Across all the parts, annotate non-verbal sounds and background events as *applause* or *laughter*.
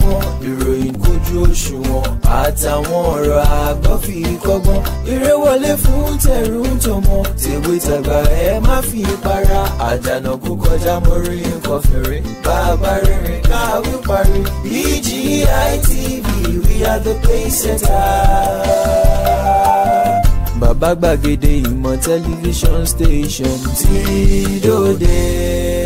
kọ́gbọ́n ìròyìn kojú òṣùwọ̀n àtàwọn ọ̀rọ̀ àgbọ́ kọ́gbọ́n eré wọlé fún tẹ̀rù tọmọ tàgbà ẹ má fi para àdànà kó kọjá mọ́rí nǹkan bàbá rere káwí parí BGI we are the pace setter bàbá gbàgede ìmọ̀ tẹlifíṣọ̀n station tí dòde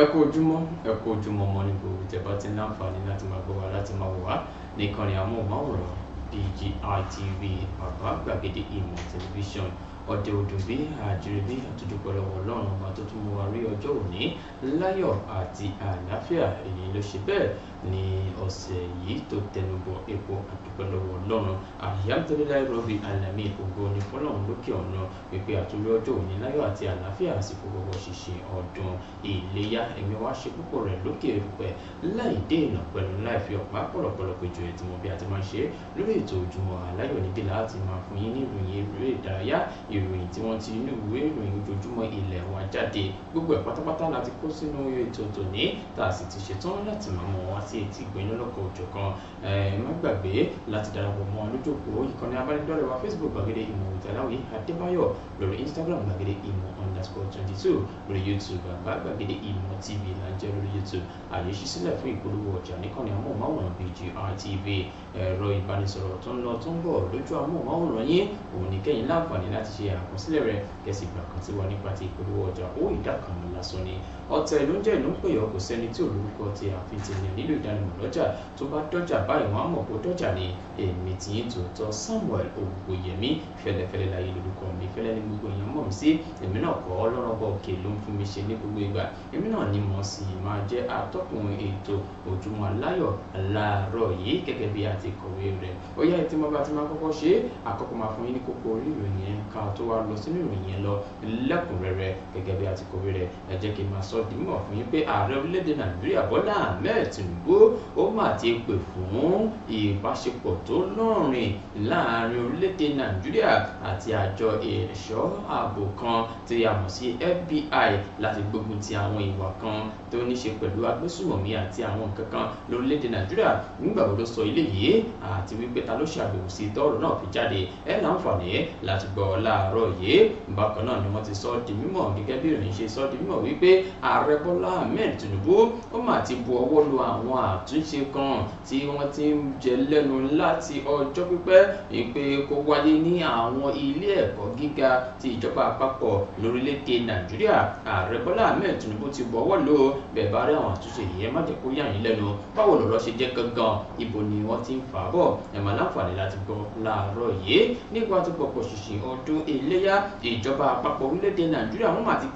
ẹ kú ojúmọ́ ẹ kú ojúmọ́ ọmọ ní gbogbo ìjẹba tí ń láǹfààní láti máa gbọ́ wa láti máa wò wá ní ìkànnì amóhùnmáwòrán BGI TV bàbá gbàgede ìmọ̀ tẹlifíṣàn ọdẹ odò bí àjèrèbí àtòjúpọ̀ lọ́wọ́ ọlọ́run ọba tó tún mú wa rí ọjọ́ òní láyọ̀ àti àlàáfíà èyí ló ṣe bẹ́ẹ̀ ní ọ̀sẹ̀ yìí tó tẹnubọ epo àdúpẹ́lọ́wọ́ ọlọ́run alhamdulilayi rabbil alamin ògo ni fọlọ́run lókè ọ̀run pípé àtúndì ọjọ́ òní láyọ̀ àti àlàáfíà àsìkò gbogbo ṣìṣe ọdún ìléyá ẹ̀mí wá ṣe púpọ̀ rẹ̀ lókè rúpẹ́ láì dé ìnà pẹ̀lú láì fi ọ̀pá pọ̀lọ̀pọ̀lọ̀ péjọ ẹ̀ tí mo bí a ti máa ṣe lórí ètò ojúmọ́ aláyọ̀ níbí láti máa fún yín ní ìròyìn eré ìdárayá ìròyìn tí wọ́n ti inú ìwé ìròyìn ojoojúmọ́ ilẹ̀ wa jáde gbogbo ẹ̀ pátápátá láti kó sínú ètò tòní tá a sì ti ṣetán láti máa mọ wá sí àti ètò ìgbẹ̀yìn lọ́lọ́kọ̀ òjò kan ẹ má gbàgbé láti darapọ̀ mọ́ lójókòó ìkànnì abánidọ́rẹ̀ wa facebook gbàgede ìmọ̀ òtàláwí adébáyọ̀ lórí instagram gbàgede ìmọ̀ underscore twenty two lórí youtube àgbà gbàgede ìmọ̀ tv lájẹ́ lórí youtube àyè ṣí sílẹ̀ fún ìpolówó ọjà níkànnì amóhùnmáwòrán BGI TV ẹ̀rọ ìbánisọ̀rọ̀ tó ń lọ tó ń bọ̀ lójú amóhùnmáwòrán yín òun ní kẹ́yìn láǹfààní láti ṣe àkọsílẹ̀ rẹ̀ kẹsì gbà kan tí wà nípa ti ìpolówó ọjà ó ìdá kan lásán ni ọ̀tẹ̀ ló ń jẹ́ ìlú ń pè ọ́ kò sẹ́ni tí olórúkọ ti àfi tèmi nílò ìdánimọ̀ lọ́jà tó bá dọ́jà báyìí wọ́n á mọ̀ pé dọ́jà ni èmi tí ń tòótọ́ Samuel Ògùnyẹmí fẹlẹfẹlẹ láyé lórúkọ mi fẹlẹ ní gbogbo èèyàn mọ̀ mí sí èmi náà kọ́ ọlọ́rọ̀bọ òkè ló ń fún mi ṣe ní gbogbo ìgbà èmi náà ni mo sì máa jẹ́ atọ́kùn ètò Ojúmọ́ Aláyọ̀ láàárọ̀ yìí gẹ́gẹ́ bí a ti kọ̀wé rẹ̀ ó yá ètí mo bá ti máa kọ́kọ́ ṣe àkọ́kọ́ máa fún yín ní kókó orí ìròyìn yẹn ká tó wá lọ sínú ìròyìn yẹn lọ lẹ́kùnrẹ́rẹ́ gẹ́gẹ́ bí a ti kọ̀wé rẹ̀ ẹ jẹ́ kí n máa sọ dìímọ̀ fún yín pé ààrẹ orílẹ̀-èdè Nàìjíríà Bọ́lá Ahmed Tinubu Tinubu ó mà ti pè fún ìbáṣepọ̀ tó lọ́rìn láàrin orílẹ̀-èdè Nàìjíríà àti àjọ ẹ̀ṣọ́ ààbò kan tí a mọ̀ sí FBI láti gbógun ti àwọn ìwà kan tó ní ṣe pẹ̀lú agbésùmọ̀mí àti àwọn nǹkan kan lórílẹ̀‐èdè nàìjíríà nígbà wo ló sọ ilé yìí àti wípé ta ló ṣàbẹ̀wò sí tọ́rọ̀ náà fi jáde ẹ̀ láǹfààní láti gbọ́ láàárọ̀ yìí bákan náà ni wọ́n ti sọ ọ́ di mímọ̀ gẹ́gẹ́ bí ìròyìn ṣe sọ ọ́ di mímọ̀ wípé ààrẹ bọ́lá ahmed tinubu ó mà ti bu ọwọ́ lu àwọn àtúnṣe kan tí wọ́n ti ń jẹ lẹ́nu láti ọjọ́ pípẹ́ pé kó wáyé ní àwọn ilé ẹ̀kọ́ gíga ti ìjọba àpapọ̀ lórílẹ̀‐èdè nàìjíríà ààrẹ bọ́lá ahmed tinubu ti bu ọwọ́ lu bẹ́ẹ̀ bá rí àwọn àtúnṣe yìí ẹ má jẹ́ kó yà yín lẹ́nu báwo lọ̀rọ̀ ṣe jẹ́ gangan ibo ni wọ́n ti ń fà á bọ̀ ẹ máa láǹfààní láti gbọ́ láàárọ̀ yìí nípa ti pọ̀pọ̀ ṣìṣìn ọdún iléyà ìjọba àpapọ̀ orílẹ̀-èdè nàìjíríà wọ́n mà ti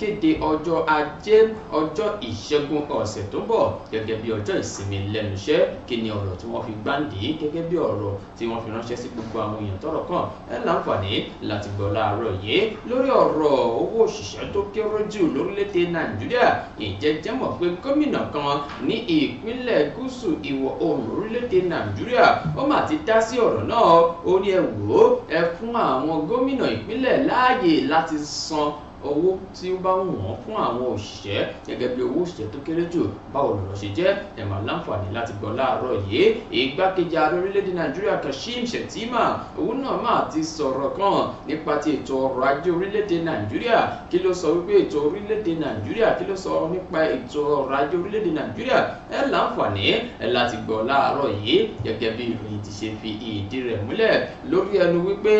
kéde ọjọ́ ajé ọjọ́ ìṣẹ́gun ọ̀sẹ̀ tó ń bọ̀ gẹ́gẹ́ bí ọjọ́ ìsinmi lẹ́nu iṣẹ́ kí ni ọ̀rọ̀ tí wọ́n fi gbáǹdì gẹ́gẹ́ bí ọ̀rọ̀ tí wọ́n fi ránṣẹ́ sí gbogbo àwọn èèyàn tọ́rọ̀ kàn ẹ láǹfààní láti gbọ́ láàárọ̀ yìí lórí ọ̀rọ̀ owó òṣìṣẹ́ tó kéré jù lórílẹ̀-èdè nàìjíríà ìjẹ́jẹ́ mọ̀ pé gómìnà kan ní ìpínlẹ̀ gúúsù ìwọ̀ oòrùn orílẹ̀-èdè nàìjíríà ó mà ti dá sí ọ̀rọ̀ náà ó ní ẹ wò ó ẹ fún àwọn gómìnà ìpínlẹ̀ láàyè láti san owó tí ó bá ń wọ̀n fún àwọn òṣìṣẹ́ gẹ́gẹ́ bí owó òṣìṣẹ́ tó kéré jù báwo lọ̀rọ̀ ṣe jẹ́ ẹ̀ máa láǹfààní láti gbọ́ láàárọ̀ yìí igbákejì ààrẹ orílẹ̀-èdè nàìjíríà kashim shettima òun náà máa ti sọ̀rọ̀ kan nípa ti ètò ọrọ̀ ajé orílẹ̀-èdè nàìjíríà kí ló sọ wípé ètò orílẹ̀-èdè nàìjíríà kí ló sọ nípa ètò ọrọ̀ ajé orílẹ̀-èdè nàìjíríà ẹ̀ láǹfààní láti gbọ́ láàárọ̀ yìí gẹ́gẹ́ bí ìròyìn ti ṣe fi ìdí rẹ̀ múlẹ̀ lórí ẹnu wípé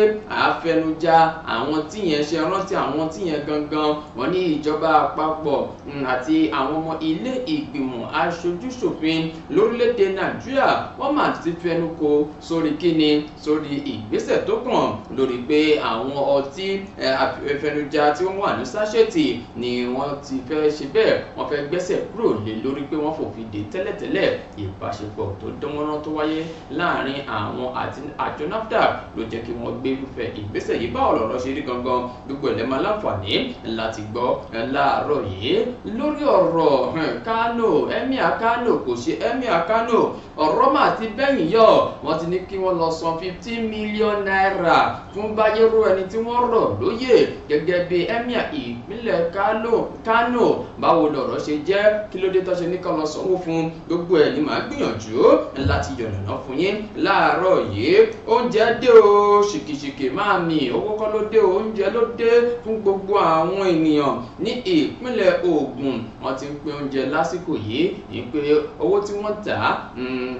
àfẹnujá gangan wọ́n ní ìjọba àpapọ̀ mm, àti àwọn ọmọ ilé ìgbìmọ̀ aṣojúṣòfin lórílẹ̀‐èdè nàìjíríà wọ́n máa ti fẹnu kò sórí kíni sórí ìgbésẹ̀ tó kàn lórí pé àwọn ọtí àfẹnujà eh, tí wọ́n wà ní sáṣẹ́tì ni wọ́n ti fẹ́ ṣe bẹ́ẹ̀ wọ́n fẹ́ gbẹ́sẹ̀ kúrò lé lórí pé wọ́n fòfin dè tẹ́lẹ̀tẹ́lẹ̀ ìbáṣepọ̀ tó dánwọ́rán tó wáyé láàrin àwọn àti àjọ nafdac ló jẹ́ kí wọ́n gbé irúfẹ́ ìgbésẹ̀ yìí bá ọ̀rọ̀ ọ̀rọ̀ ṣe rí gangan gbogbo ẹ̀lẹ́mọ̀ aláǹfààní láti gbọ́ láàárọ̀ yìí lórí ọ̀rọ̀ Kano Emir Kano kò ṣe Emir Kano ọ̀rọ̀ mà ti bẹ́yìn yọ wọ́n ti ní kí wọ́n lọ san fifteen million naira fún báyẹ̀rọ ẹni tí wọ́n rọ̀ lóyè gẹ́gẹ́ bí Emir ìpínlẹ̀ Kano báwo lọ̀rọ̀ ṣe jẹ́ kí ló dé tó ṣe ní kí wọ́n lọ sanwó fún gbogbo ẹ̀ ni màá gbìyànjú láti yọ̀nàná fún yín láàárọ̀ yìí oúnjẹ dé o ṣìkìṣìkì máa mì owó kọ́ ló dé oúnjẹ ló dé fún gbogbo àwọn àwọn ènìyàn ní ìpínlẹ̀ Ògùn wọ́n ti ń pe oúnjẹ lásìkò yìí ìpè owó tí wọ́n tà hmm,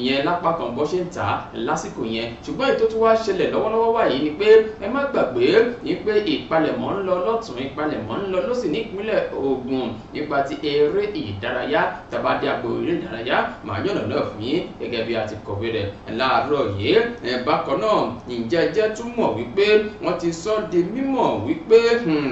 ìyẹn lápá kan bó ṣe ń tà lásìkò yẹn ṣùgbọ́n ètò tí wàá ṣẹlẹ̀ lọ́wọ́lọ́wọ́ báyìí ni pé ẹ má gbàgbé ni pé ìpalẹ̀mọ́ ń lọ lọ́tún ìpalẹ̀mọ́ ń lọ lọ́sì nípínlẹ̀ Ògùn nípa ti eré ìdárayá tàbádé àpò eré ìdárayá màá yọ̀nà náà fún yín gẹ́gẹ́ bí a ti kọ̀wé rẹ̀ láàárọ̀ yìí bákan náà ǹjẹ́ jẹ́ túmọ̀ wípé wọ́n ti sọ di mímọ̀ wípé hmm,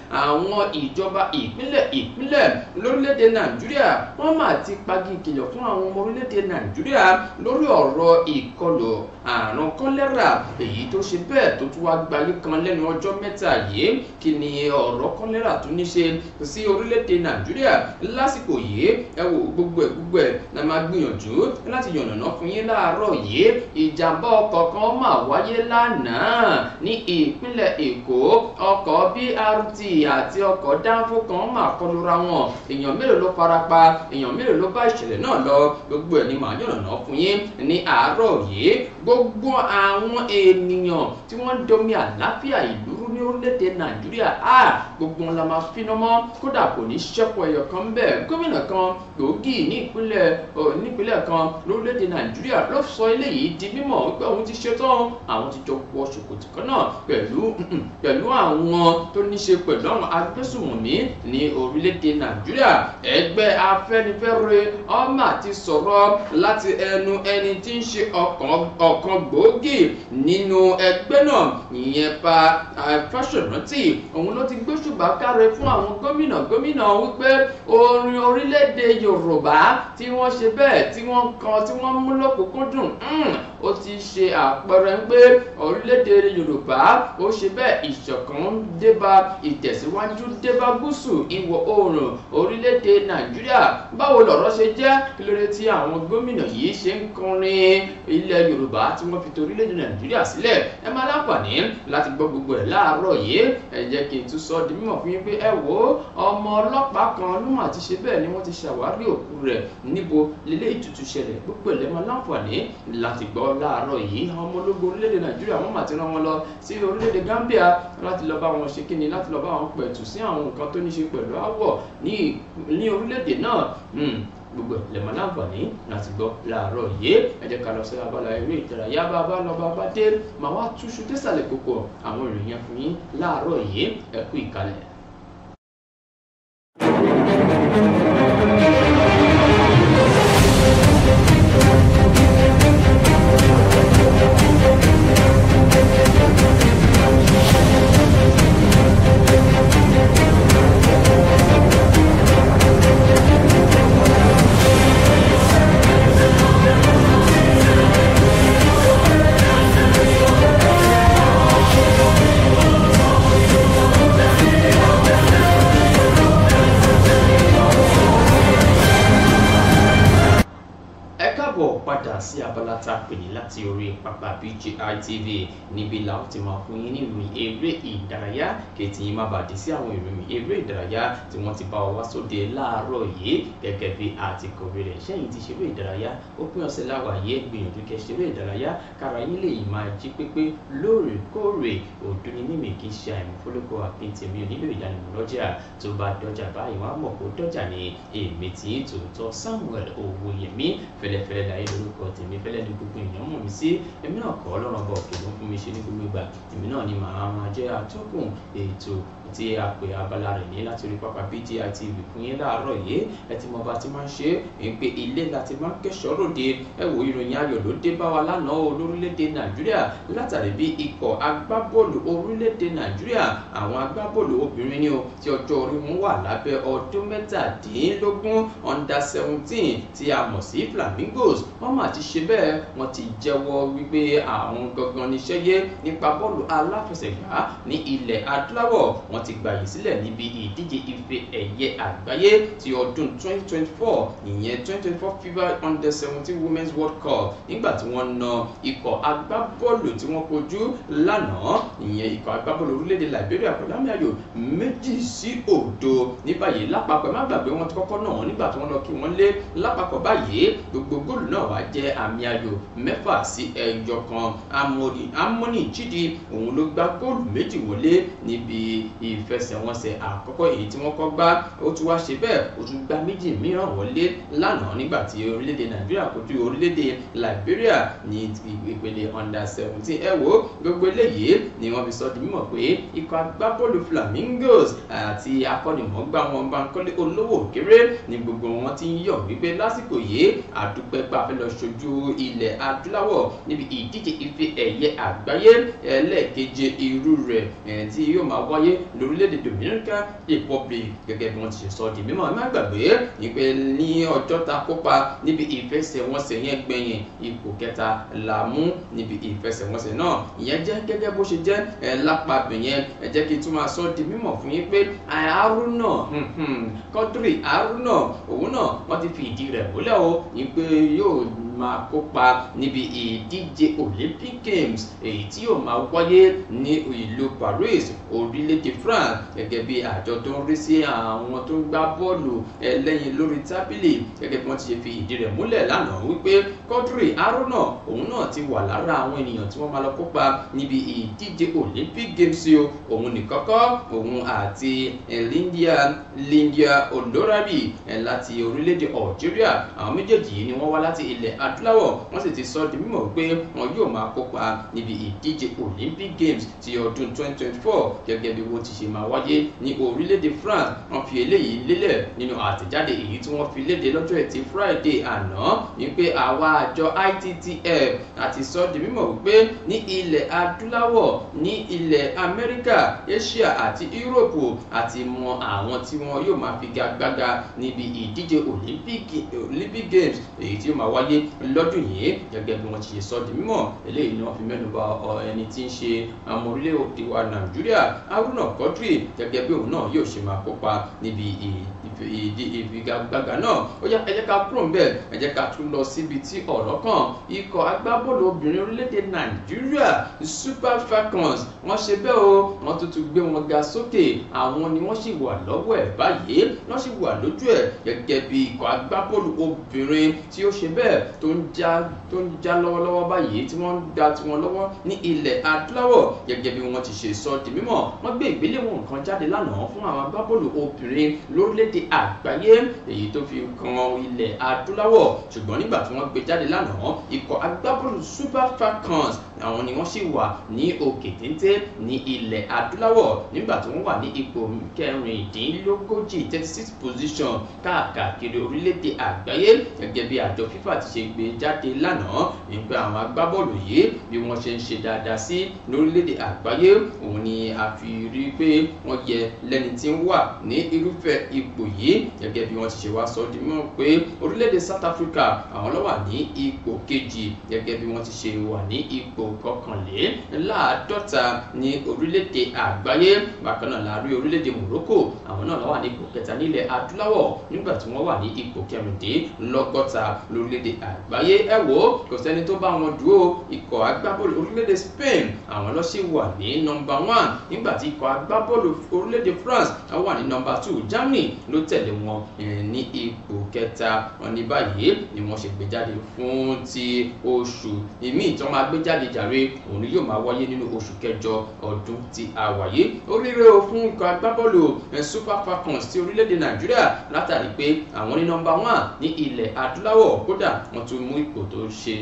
àwọn ìjọba ìpínlẹ̀ ìpínlẹ̀ lórílẹ̀‐èdè nàìjíríà wọ́n máa ti pagi ìkìlọ̀ fún àwọn ọmọ orílẹ̀‐èdè nàìjíríà lórí ọ̀rọ̀ ìkọlù àrùn kọ́lẹ́rà èyí tó ṣe bẹ́ẹ̀ tó tún wá gbayé kan lẹ́nu ọjọ́ mẹ́ta yìí kí ni ọ̀rọ̀ kọ́lẹ́rà tó ní ṣe sí orílẹ̀‐èdè nàìjíríà lásìkò yìí ẹ wo gbogbo ẹ̀ gbogbo ẹ̀ la máa gbìyànjú láti yànnàná fún yín láàárọ̀ yìí ìjàmbá ọkọ̀ kan máa wáyé lánàá ní ìpínlẹ̀ èkó ọkọ̀ BRT ìyà àti ọkọ̀ dánfó kan máa kọlura wọn èèyàn mélòó ló farapa èèyàn mélòó ló bá ìṣẹ̀lẹ̀ náà lọ gbogbo ẹ̀ ni màá yànnàná fún yín ní àárọ̀ yìí gbogbo àwọn ènìyàn tí wọ́n ń domi àlàáfíà ìlú rú ní orílẹ̀-èdè nàìjíríà á gbogbo wọn la máa finá mọ́ kódà kò ní ṣẹ́kù ẹyọ kan bẹ́ẹ̀ gómìnà kan gbòógì ní ìpínlẹ̀ nípínlẹ̀ kan lórílẹ̀-èdè nàìjíríà ló sọ eléyìí di mímọ̀ wípé òun ti ṣetán àwọn ti jọ wọ ṣòkòtì kan náà pẹ̀lú *clears throat* pẹ̀lú àwọn tó ní ṣe pẹ̀lú ọlọ́run agbésùnmọ̀mí ní orílẹ̀-èdè nàìjíríà ẹgbẹ́ afẹ́nifẹ́re ọmọ àti sọ̀rọ̀ láti ẹnu ẹni tí ń ṣe ọ̀kan gbòógì nínú ẹgbẹ́ náà ìyẹn pa Fáṣọ̀rántì òun ló ti gbóṣùbà káre fún àwọn gómìnà gómìnà wípé orin orílẹ̀-èdè yorùbá tí wọ́n ṣe bẹ́ẹ̀ tí wọ́n kan tí wọ́n mú lọ́kùnkúndùn hmm, ó ti ṣe àpẹẹrẹ pé orílẹ̀-èdè yorùbá ó ṣe bẹ́ẹ̀ ìṣọ̀kan dé bá ìtẹ̀síwájú dé bá gúúsù ìwọ̀ oòrùn orílẹ̀-èdè nàìjíríà báwo lọ̀rọ̀ ṣe jẹ́ kí lóore tí àwọn gómìnà yìí ṣe ń kọrin ilẹ̀ yorùbá tí wọ́n fi torílẹ̀-èdè nàìjíríà sílẹ̀ ẹ máa láǹfààní láti gbọ́ gbogbo ẹ̀ láàárọ̀ yìí ẹ jẹ́ kí n tún sọ di mímọ̀ fún yín pé ẹ wo ọmọ ọlọ́pàá kan ló mà ti ṣe bẹ́ẹ̀ ni wọ́n ti ṣàwárí òkú rẹ̀ níbo lélẹ́ ìtùtù ṣẹlẹ̀ gbogbo ẹ̀ lẹ́ láǹfààní láti gbọ́ láàárọ̀ yìí ọmọ ológun orílẹ̀-èdè nàìjíríà wọ́n pẹ̀tù sí àwọn nǹkan tó ní ṣe pẹ̀lú àwọ̀ ní orílẹ̀-èdè náà hmm, gbogbo ẹ̀lẹ́ máa láǹfààní láti gbọ́ láàárọ̀ yìí ẹ jẹ́ ká lọ sí abala eré ìdárayá bá bá lọ bá bá dé màá wá túṣu désàlẹ̀ kòkò àwọn ìròyìn fún yín láàárọ̀ yìí ẹ kú ìkàlẹ̀. TV níbi la ó ti máa fún yín ní ìròyìn eré ìdárayá kéètì yín má bàa dé sí àwọn ìròyìn eré ìdárayá tí wọ́n ti bá wa wá sóde láàárọ̀ yìí gẹ́gẹ́ bí àtìkò rẹ̀ sẹ́yìn ti ṣeré ìdárayá òpin ọ̀sẹ̀ láwà yìí gbìyànjú kẹ́ ṣeré ìdárayá kára yín lè máa jí pépé lóòrèkóòrè òdùn ní mímì kì í ṣe àìmọ̀ fólókó àpín tèmi ò nílò ìdánimọ̀ lọ́jà tó bá dọ́jà báyìí wọ́n á mọ̀ kó dọ́jà ní èmi tí tòótọ́ Samuel Owóyẹmí fẹ́lẹ́fẹ́lẹ́ láyé lórúkọ tèmi fẹ́lẹ́ ní gbogbo èèyàn mọ̀ sí èmi náà kọ́ ọlọ́run òkè ló fún mi ṣe ní gbogbo ìgbà èmi náà ni màá máa jẹ́ atọ́kùn ètò tí a pè abala rẹ̀ ní láti orí pápá BGI TV fún yín láàárọ̀ yìí ẹ ti bá ti máa ṣe é pé ilé láti máa ń ròde ẹ wo ìròyìn ayọ̀ ló dé bá wa lánàá o lórílẹ̀‐èdè nàìjíríà látàrí bí ikọ̀ agbábọ́ọ̀lù orílẹ̀‐èdè nàìjíríà àwọn agbábọ́ọ̀lù obìnrin ni o tí ọjọ́ orí wọn wà lábẹ́ ọdún mẹ́tàdínlógún under seventeen tí a mọ̀ sí flamingos wọ́n mà ti ṣe bẹ́ẹ̀ wọ́n ti jẹ́wọ́ wípé àwọn gangan níṣẹ́ yé nípa bọ́ọ̀lù aláfẹsẹ̀gbá ní ilẹ̀ adúláwọ̀ wọ́n wọ́n ti gbàyè sílẹ̀ níbi ìdíje ife ẹ̀yẹ àgbáyé ti ọdún 2024 ìyẹn 2024 fifa under seventeen women's world cup nígbà tí wọ́n na ikọ̀ agbábọ́ọ̀lù tí wọ́n kojú lánàá ìyẹn ikọ̀ agbábọ́ọ̀lù orílẹ̀-èdè liberia pẹ̀lú àmì ayò méjì sí òdo ní báyìí lápapọ̀ má gbàgbé wọ́n ti kọ́kọ́ náà wọ́n nígbà tí wọ́n lọ kí wọ́n lé lápapọ̀ báyìí gbogbo góòlù náà wá jẹ́ àmì ayò mẹ́fà sí ẹyọ kan amóni chidi òun ló gbá góòlù méjì wọlé níbi ìfẹsẹ̀wọnsẹ̀ àkọ́kọ́ èyí tí wọ́n kọ́ gbá ó tún wá ṣe bẹ́ẹ̀ ó tún gbá méjì mìíràn wọlé lánàá nígbà tí orílẹ̀-èdè nàìjíríà kojú orílẹ̀-èdè liberia ní ìpele under seventeen ẹ wo gbogbo eléyìí ni wọ́n fi sọ di mímọ̀ pé ikọ̀ agbábọ́ọ̀lù flamingos àti akọ́nimọ̀ọ́gbá wọn Bankole olówó kéré ni gbogbo wọn ti ń yọ̀ wípé lásìkò yìí àdúpẹ́ pa fẹ́ lọ ṣojú ilẹ̀ adúláwọ̀ níbi ìdíje ife ẹ̀yẹ àgbáyé ẹlẹ́ẹ̀keje irú rẹ̀ tí yóò máa wáyé lórílẹ̀‐èdè Dominican Republic gẹ́gẹ́ bí wọ́n ti ṣe sọ di mímọ̀ ẹ má gbàgbé ìpè ní ọjọ́ ta kópa níbi ìfẹsẹ̀wọnsẹ̀ yẹn gbẹ̀yìn ipò kẹta la mú níbi ìfẹsẹ̀wọnsẹ̀ náà ìyẹn jẹ́ gẹ́gẹ́ bó ṣe jẹ́ lápapọ̀ yẹn ẹ jẹ́ kí n tún máa sọ di mímọ̀ fún yín pé Haruna hmm, hmm, Quadri Haruna òun náà wọ́n ti fi ìdí rẹ̀ múlẹ̀ o ìpè yóò máa kópa níbi ìdíje Olympic Games èyí tí yóò máa wáyé ní ìlú Paris orílẹ̀-èdè France gẹ́gẹ́ bí àjọ tó ń rí sí àwọn tó ń gbá bọ́ọ̀lù ẹlẹ́yin lórí tábìlì gẹ́gẹ́ bí wọ́n ti ṣe fi ìdí rẹ̀ múlẹ̀ lánàá wípé Quadri Aruna òun náà ti wà lára àwọn ènìyàn tí wọ́n máa lọ kópa níbi ìdíje Olympic Games o òun nìkan kọ́ òun àti Lindia Lindia Ondorabi láti orílẹ̀-èdè Algeria àwọn méjèèjì yìí ni wọ́n wá láti ilẹ̀ adúláwọ̀ wọ́n sì ti sọ di mímọ̀ pé wọn yóò máa kópa níbi ìdíje Olympic Games ti ọdún 2024 gẹ́gẹ́ bí wọ́n ti ṣe máa wáyé ní orílẹ̀-èdè France wọ́n fi eléyìí lélẹ̀ nínú àtẹ̀jáde èyí tí wọ́n fi léde lọ́jọ́ ẹtì Friday àná ní pé àwa àjọ ITTF àti sọ di mímọ̀ pé ní ilẹ̀ adúláwọ̀ ní ilẹ̀ Amẹ́ríkà Asia àti Europe àti mọ àwọn tí wọn yóò máa figagbága níbi ìdíje Olympic Games èyí tí ó máa wáyé lọ́dún yìí gẹ́gẹ́ bí wọ́n ti ṣe sọ di mímọ̀ eléyìí ni wọ́n fi mẹ́nu bà ẹni tí ń ṣe ọmọ orílẹ̀-èdè wa Nàìjíríà Haruna Quadri gẹ́gẹ́ bí òun náà yóò ṣe máa kópa níbi èdè ìfigagbága náà ó yá ẹ jẹ́ ká kúrò ńbẹ̀ ẹ jẹ́ ká tún lọ síbi tí ọ̀rọ̀ kàn ikọ̀ agbábọ́ọ̀lù obìnrin orílẹ̀-èdè nàìjíríà super falcons wọ́n ṣe bẹ́ẹ̀ o wọ́n tuntun gbé wọn ga sókè àwọn ni wọ́n sì wà lọ́wọ́ ẹ̀ báyìí wọ́n sì wà lójú ẹ̀ gẹ́gẹ́ bí ikọ̀ agbábọ́ọ̀lù obìnrin tí ó ṣe bẹ́ẹ̀ tó ń já lọ́wọ́lọ́wọ́ báyìí tí wọ́n ń da tiwọn lọ́wọ́ ní ilẹ̀ adúláwọ̀ gẹ́gẹ́ bí wọ́n ti ṣe sọ di mímọ̀ wọ́n gbé ìgbéléwọ̀n kan jáde lánàá fún àwọn agbábọ́ọ̀lù obìnrin lórílẹ̀‐èdè àgbáyé èyí tó fi kan ilẹ̀ adúláwọ̀ ṣùgbọ́n nígbà tí wọ́n gbé jáde lánàá ikọ̀ agbábọ́ọ̀lù Super Falcons àwọn ni wọ́n sì wà ní òkè téńté ní ilẹ̀ adúláwọ̀ nígbà tí wọ́n wà ní ipò kẹrìndínlógójì thirty six position káàkiri orílẹ̀-èdè àgbáyé gẹ́gẹ́ bí àjọ FIFA ti ṣe gbé jáde lánàá nípa àwọn agbábọ́ọ̀lù yìí bí wọ́n ṣe ń ṣe dáadáa sí lórílẹ̀-èdè àgbáyé òun ni a fi rí pé wọ́n yẹ lẹ́ni tí ń wà ní irúfẹ́ ipò yìí gẹ́gẹ́ bí wọ́n ṣe wá sọ di mọ́ pé orílẹ̀-èdè South Africa àwọn ló wà ní ipò kejì gẹ́gẹ́ bí wọ́n ti ṣe wà ní ipò kọkànlé láàádọ́ta ní orílẹ̀-èdè àgbáyé bákan náà la rí orílẹ̀-èdè Morocco àwọn náà ló wà ní ipò kẹta nílẹ̀ adúláwọ̀ nígbà tí wọ́n wà ní ipò kẹrìndínlọ́gọ́ta lórílẹ̀-èdè àgbáyé ẹ wò ó kò sẹ́ni tó bá wọn dúró ikọ̀ agbábọ́ọ̀lù orílẹ̀-èdè Spain àwọn ló sì wà ní nọmba one nígbà tí ikọ̀ agbábọ́ọ̀lù orílẹ̀-èdè France wà ní nọmba two Germany ló tẹ̀lé wọn eh, ní ipò kẹta wọn ní báyìí ni wọ́n ṣe gbé jáde fún ti oṣù ìmíì tí wọ́n máa gbé jáde jà jàre òní yóò máa wáyé nínú oṣù kẹjọ ọdún tí a oríire o fún ikọ̀ agbábọ́ọ̀lù Super Falcons ti orílẹ̀-èdè Nàìjíríà látàrí pé àwọn ní nọ́mbà wán ní ilẹ̀ adúláwọ̀ kódà wọ́n tún mú ipò tó ṣe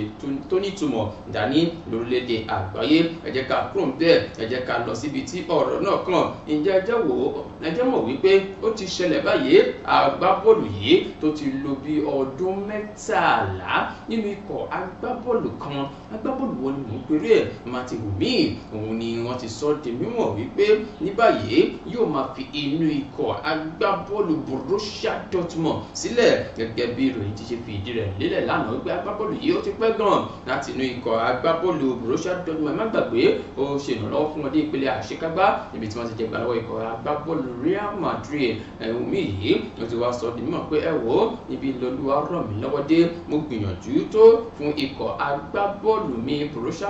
tó nítumọ̀ dání lórílẹ̀-èdè àgbáyé ẹ jẹ́ ká kúrò ń bẹ́ẹ̀ ẹ jẹ́ ká lọ síbi tí ọ̀rọ̀ náà kàn ǹjẹ́ ẹjẹ́ wò ó ẹjẹ́ mọ̀ wípé ó ti ṣẹlẹ̀ báyìí agbábọ́ọ̀lù yìí tó ti lò bí ọdún mẹ́tàlá nínú ikọ̀ agbábọ́ọ̀lù kan agbábọ́ọ̀lù wọn ni mò nítorí ẹ̀ Matthew Wumi òun ni wọ́n ti sọ di mímọ̀ wípé ní báyìí yóò máa fi inú ikọ̀ agbábọ́ọ̀lù Borussia Dortmund sílẹ̀ gẹ́gẹ́ bí ìròyìn ti ṣe fi ìdí rẹ̀ lélẹ̀ lánàá wípé agbábọ́ọ̀lù yìí ó ti pẹ́ gan láti inú ikọ̀ agbábọ́ọ̀lù Borussia Dortmund má gbàgbé ó ṣe ìrànlọ́wọ́ fún wọn dé ìpele àṣekágbá níbi tí wọ́n ti jẹ gbà ikọ̀ agbábọ́ọ̀lù Real Madrid Wumi yìí ó ti wá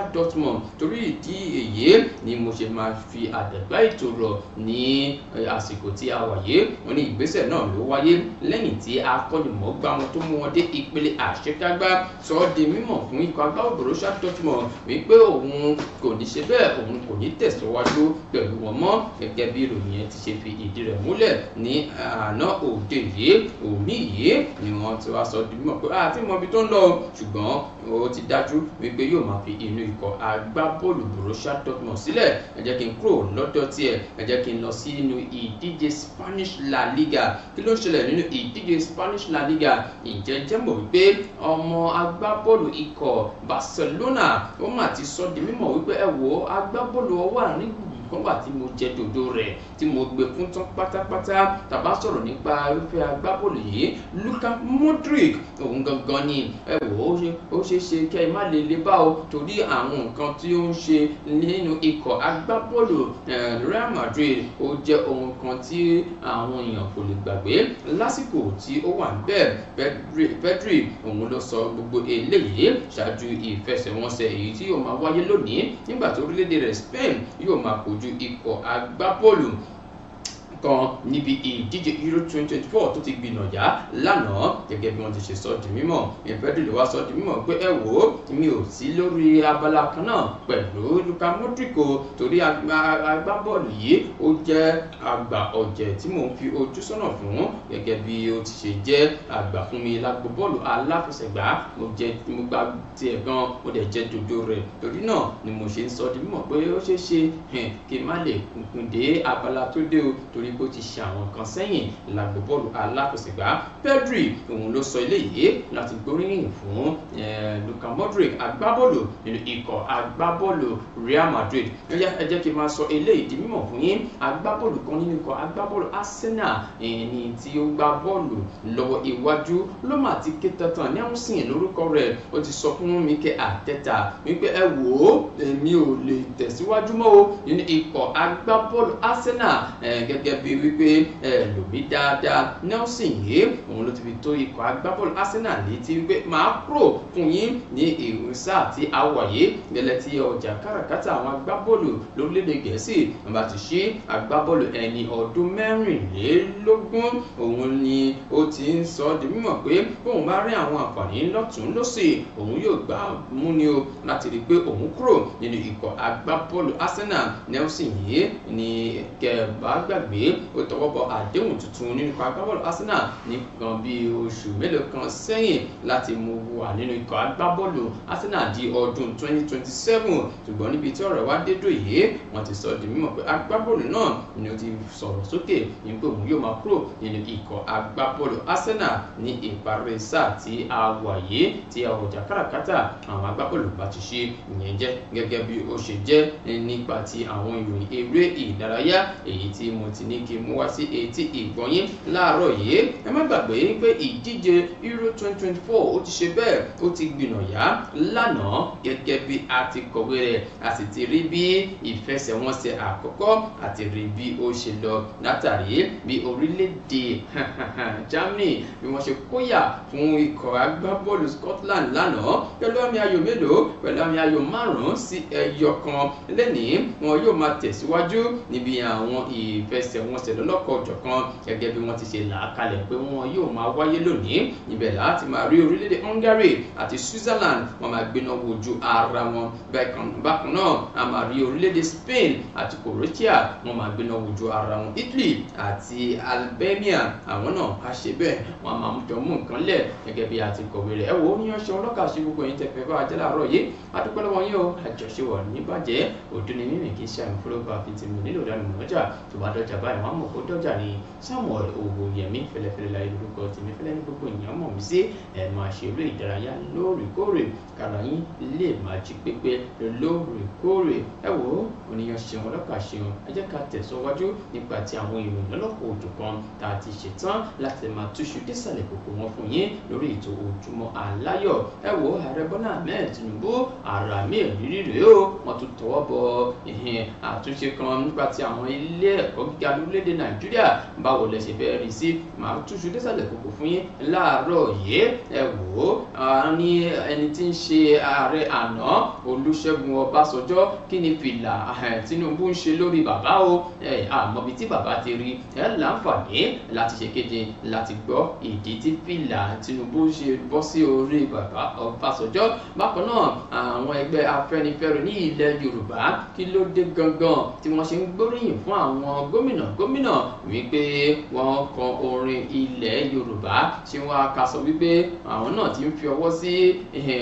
Borussia Dortmund torí ìdí èyí ni mo ṣe máa fi àdẹ̀gbá ètò rọ̀ ní àsìkò tí a wà yìí wọ́n ní ìgbésẹ̀ náà ló wáyé lẹ́yìn tí akọ́nìmọ̀gbá wọn tó mú wọn dé ìpele àṣekágbá sọ ọ́ di mímọ̀ fún ikọ̀ agbáwo Borussia Dortmund wípé òun kò ní ṣe bẹ́ẹ̀ òun kò ní tẹ̀síwájú pẹ̀lú wọn mọ́ gẹ́gẹ́ bí ìròyìn yẹn ti ṣe fi ìdí rẹ̀ múlẹ̀ ní àná òde yìí òní yìí ni wọ́n ti wá sọ di mímọ̀ pé àti mọ̀ ibi tó ń lọ ṣùgbọ́n ó ti dájú wípé yóò máa fi inú ikọ̀ agbábọ́ọ̀lù Borussia Dortmund sílẹ̀ ẹ jẹ́ kí n kúrò lọ́dọ̀ tiẹ̀ ẹ kí n lọ sínú ìdíje Spanish La Liga kí ló ń ṣẹlẹ̀ nínú ìdíje Spanish La Liga ǹjẹ́ jẹ́ mọ̀ wípé ọmọ agbábọ́ọ̀lù ikọ̀ Barcelona ó mà ti sọ di mímọ̀ wípé ẹ wò agbábọ́ọ̀lù ọwọ́ àárín kọ́ńgbà tí mo jẹ dòdò rẹ̀ tí mo gbé kún tán pátápátá tàbá sọ̀rọ̀ nípa irúfẹ́ agbábọ́ọ̀lù yìí Luka Modric òun gangan ni ẹ wò ó ṣe é ṣe kẹ́ ẹ má lè lè bá o torí àwọn nǹkan tí ó ń ṣe nínú ikọ̀ agbábọ́ọ̀lù Real Madrid ó jẹ́ ohun kan tí àwọn èèyàn kò lè gbàgbé lásìkò tí ó wà níbẹ̀ Pedri òun ló sọ gbogbo eléyìí ṣáájú ìfẹsẹ̀wọnsẹ̀ èyí tí yóò máa wáyé lónìí nígbà tó orílẹ̀-èdè rẹ̀ Spain yóò máa kojú dojú ikọ̀ agbábọ́ọ̀lù kan níbi ìdíje euro twenty twenty four tó ti gbìnàjà lánàá gẹ́gẹ́ bí wọ́n ti ṣe sọ di mímọ̀ ìfẹ́dùlẹ̀ wá sọ di mímọ̀ pé ẹ wò ó mi ò sí lórí abala kan náà pẹ̀lú Luka Modric o torí agbábọ́ọ̀lù yìí ó jẹ́ àgbà ọ̀jẹ̀ tí mò ń fi ojú sọ́nà fún gẹ́gẹ́ bí ó ti ṣe jẹ́ àgbà fún mi lágbo bọ́ọ̀lù aláfẹsẹ̀gbá mo jẹ mo gba tiẹ̀ gan mo dẹ̀ jẹ́ dodo rẹ̀ torí náà ni mo ṣe ń sọ di mímọ̀ pé ó ṣeé ṣe kí n má lè kùnkùn dé abala tó dé o torí nítorí pé ó ti ṣe àwọn kan sẹ́yìn lágbo bọ́ọ̀lù alákòsígbá Pedri òun ló sọ eléyìí láti gbóríyìn fún Luka Modric agbábọ́ọ̀lù nínú ikọ̀ agbábọ́ọ̀lù Real Madrid ẹ jẹ́ kí n máa sọ eléyìí di mímọ̀ fún yín agbábọ́ọ̀lù kan nínú ikọ̀ agbábọ́ọ̀lù Arsenal ẹni tí ó gbá bọ́ọ̀lù lọ́wọ́ iwájú ló mà ti ké tantan ní àmúsìn lórúkọ rẹ̀ ó ti sọ fún Mikel Arteta wípé ẹ wò ó èmi ò lè tẹ̀síwájú mọ́ o nínú ikọ̀ agbábọ́ọ̀lù Arsenal gẹ́gẹ́ bí wípé ẹlòmí dáadáa Nelson yìí òun ló ti fi tó ikọ̀ agbábọ́ọ̀lù Arsenal létí wípé màá kúrò fún yín ní ìrìn sáà tí a wà yìí gẹ́lẹ́ tí ọjà káràkátà àwọn agbábọ́ọ̀lù lórílẹ̀‐èdè gẹ̀ẹ́sì bá ti ṣí agbábọ́ọ̀lù ẹni ọdún mẹ́rìnlélógún òun ni ó ti ń sọ ọ́ di mímọ̀ pé bóun bá rí àwọn àǹfààní lọ́tún lọ́sì òun yóò gbà mú ni o láti rí pé òun kúrò nínú ikọ̀ agbábọ́ọ̀lù Arsenal Nelson yìí ni kẹ̀bá gbàgbé ó tọwọ́ bọ àdéhùn tuntun nípa agbábọ́ọ̀lù Arsenal ní gan bí oṣù mélòó kan sẹ́yìn láti mú wà nínú ikọ̀ agbábọ́ọ̀lù Arsenal di ọdún 2027 ṣùgbọ́n níbi tí ọ̀rọ̀ wá dédò yìí wọ́n ti sọ di mímọ̀ pé agbábọ́ọ̀lù náà ni ó ti sọ̀rọ̀ sókè ní pé òun yóò máa kúrò nínú ikọ̀ agbábọ́ọ̀lù Arsenal ní ìparí sáà tí a wà yìí tí ọjà káràkátà àwọn agbábọ́ọ̀lù bá ti ṣe ìyẹn jẹ́ gẹ́gẹ́ bí ó èdè mú wá sí etí ìgbọ̀nyín láàárọ̀ yìí ẹ má gbàgbé pé ìdíje euro 2024 twenty four ó ti ṣe bẹ́ẹ̀ ó ti gbìnàyà lánàá gẹ́gẹ́ bí a ti kọ̀wé rẹ̀ a sì ti rí bí ìfẹsẹ̀wọnsẹ̀ àkọ́kọ́ àti rí bí ó ṣe lọ látàrí bí orílẹ̀-èdè Germany bí wọ́n ṣe kóyà fún ikọ̀ agbábọ́ọ̀lù Scotland lánàá pẹ̀lú àmì ayò mélòó pẹ̀lú àmì ayò márùn-ún sí ẹyọ kan lẹ́nìí wọn yóò máa tẹ̀síwájú níbi àwọn ìfẹsẹ̀wọn wọ́n ṣe lọ́lọ́kọ̀ ọ̀jọ̀kan gẹ́gẹ́ bí wọ́n ti ṣe là á kalẹ̀ pé wọ́n yóò máa wáyé lónìí ibẹ̀ láti máa rí orílẹ̀ Hungary àti Switzerland wọ́n máa gbéná wojú ara wọn bákan náà a máa rí orílẹ̀ Spain àti Croatia wọ́n máa gbéná wojú ara wọn Italy àti Albania àwọn náà á ṣe bẹ́ẹ̀ wọ́n máa jọ mú nǹkan lẹ̀ gẹ́gẹ́ bí a ti kọ̀wé rẹ̀ ẹ wo ní ọṣẹ ọlọ́kà ṣe gbogbo yín tẹ̀fẹ́ bá ajẹ́ láàárọ̀ yìí adúpẹ́ lọ́wọ́ yín o àjọṣe wọ̀ ní bàjẹ́ òdùnní mímì kì í ṣe nílò ìdánimọ̀ ọjà tó bá dọjà bá ìmáàmù Ọ̀dọ́jà ni Samuel Owóyẹmí Fẹ́lẹ́fẹ́lẹ́ láyé lórúkọ tèmi fẹ́lẹ́ ní gbogbo èèyàn mọ̀ mí sí ẹ̀ máa ṣe eré ìdárayá lóòrèkóòrè kára yín lè máa jí pépé lóòrèkóòrè ẹ wò ó oníyan ṣeun ọlọ́pàá ṣeun ẹ ká tẹ̀síwájú nípa ti àwọn ìròyìn lọ́lọ́kọ̀ òjọ̀kan tá a ti ṣetán láti máa túṣu désàlẹ̀ kòkò wọn fún yín lórí ètò Ojúmọ́ Aláyọ̀ ẹ wò ó ààrẹ Bọ́lá Ahmed Tinubu àrà mi ìrírí rèé o wọ́n lórílẹ̀‐èdè nàìjíríà báwo lẹ ṣe fẹ́ rí sí màá túṣu désàlẹ̀ kòkò fún yín láàárọ̀ yìí ẹ wò ó ní ẹni tí ń ṣe ààrẹ àná olúṣẹ́gun ọbásanjọ́ kí ni fìlà eh, tinubu ń ṣe lórí bàbá o àmọ́bi tí bàbá ti rí ẹ láǹfààní láti ṣe kéde láti gbọ́ ìdí tí fìlà tinubu ṣe bọ́ sí orí bàbá ọbásanjọ́ bákan náà àwọn ẹgbẹ́ afẹ́nifẹ́re ní ilẹ̀ yorùbá kí ló dé gangan tí wọ́n ṣe ń gbóríyìn fún àwọn gómìnà gómìnà wípé wọ́n kọ orin ilẹ̀ yorùbá tí wọ́n á sọ wípé àwọn náà ti ń fi ọwọ́ sí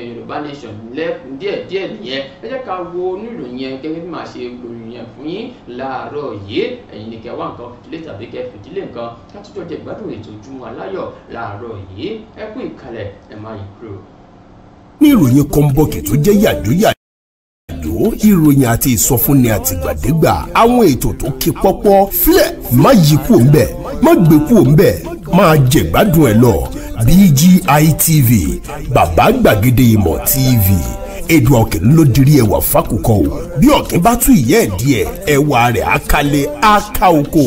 yorùbá nation lẹ́kùn díẹ̀díẹ̀ nìyẹn ẹ jẹ́ ká wo oníròyìn yẹn gẹ́gẹ́ bí màá ṣe ròyìn yẹn fún yín láàárọ̀ yìí ẹ̀yin ni kẹ́ wá nǹkan fìdílé tàbí kẹ́ fìdílé nǹkan ká tó jọjọ ètò ojúmọ́ aláyọ̀ láàárọ̀ yìí ẹ kú ìkàlẹ̀ ẹ máa yí kúrò. ní ìròyìn kọ́ńbọ̀kì tó jẹ́ yàjóyà ìró ìròyìn àti ìsọfúnni àtìgbàdégbà àwọn ètò tó ké pọ́pọ́ flẹ̀ má yí kúò ńbẹ̀ má gbé kúò ńbẹ̀ máa jẹ̀gbádùn ẹ̀ lọ BGI TV bàbá gbàgede ìmọ̀ TV èdè ọ̀kìn ló dirí ẹwà fákòkò o bí ọ̀kìn bá tún ìyá ẹ̀ díẹ̀ ẹwà rẹ̀ á kalẹ̀ oko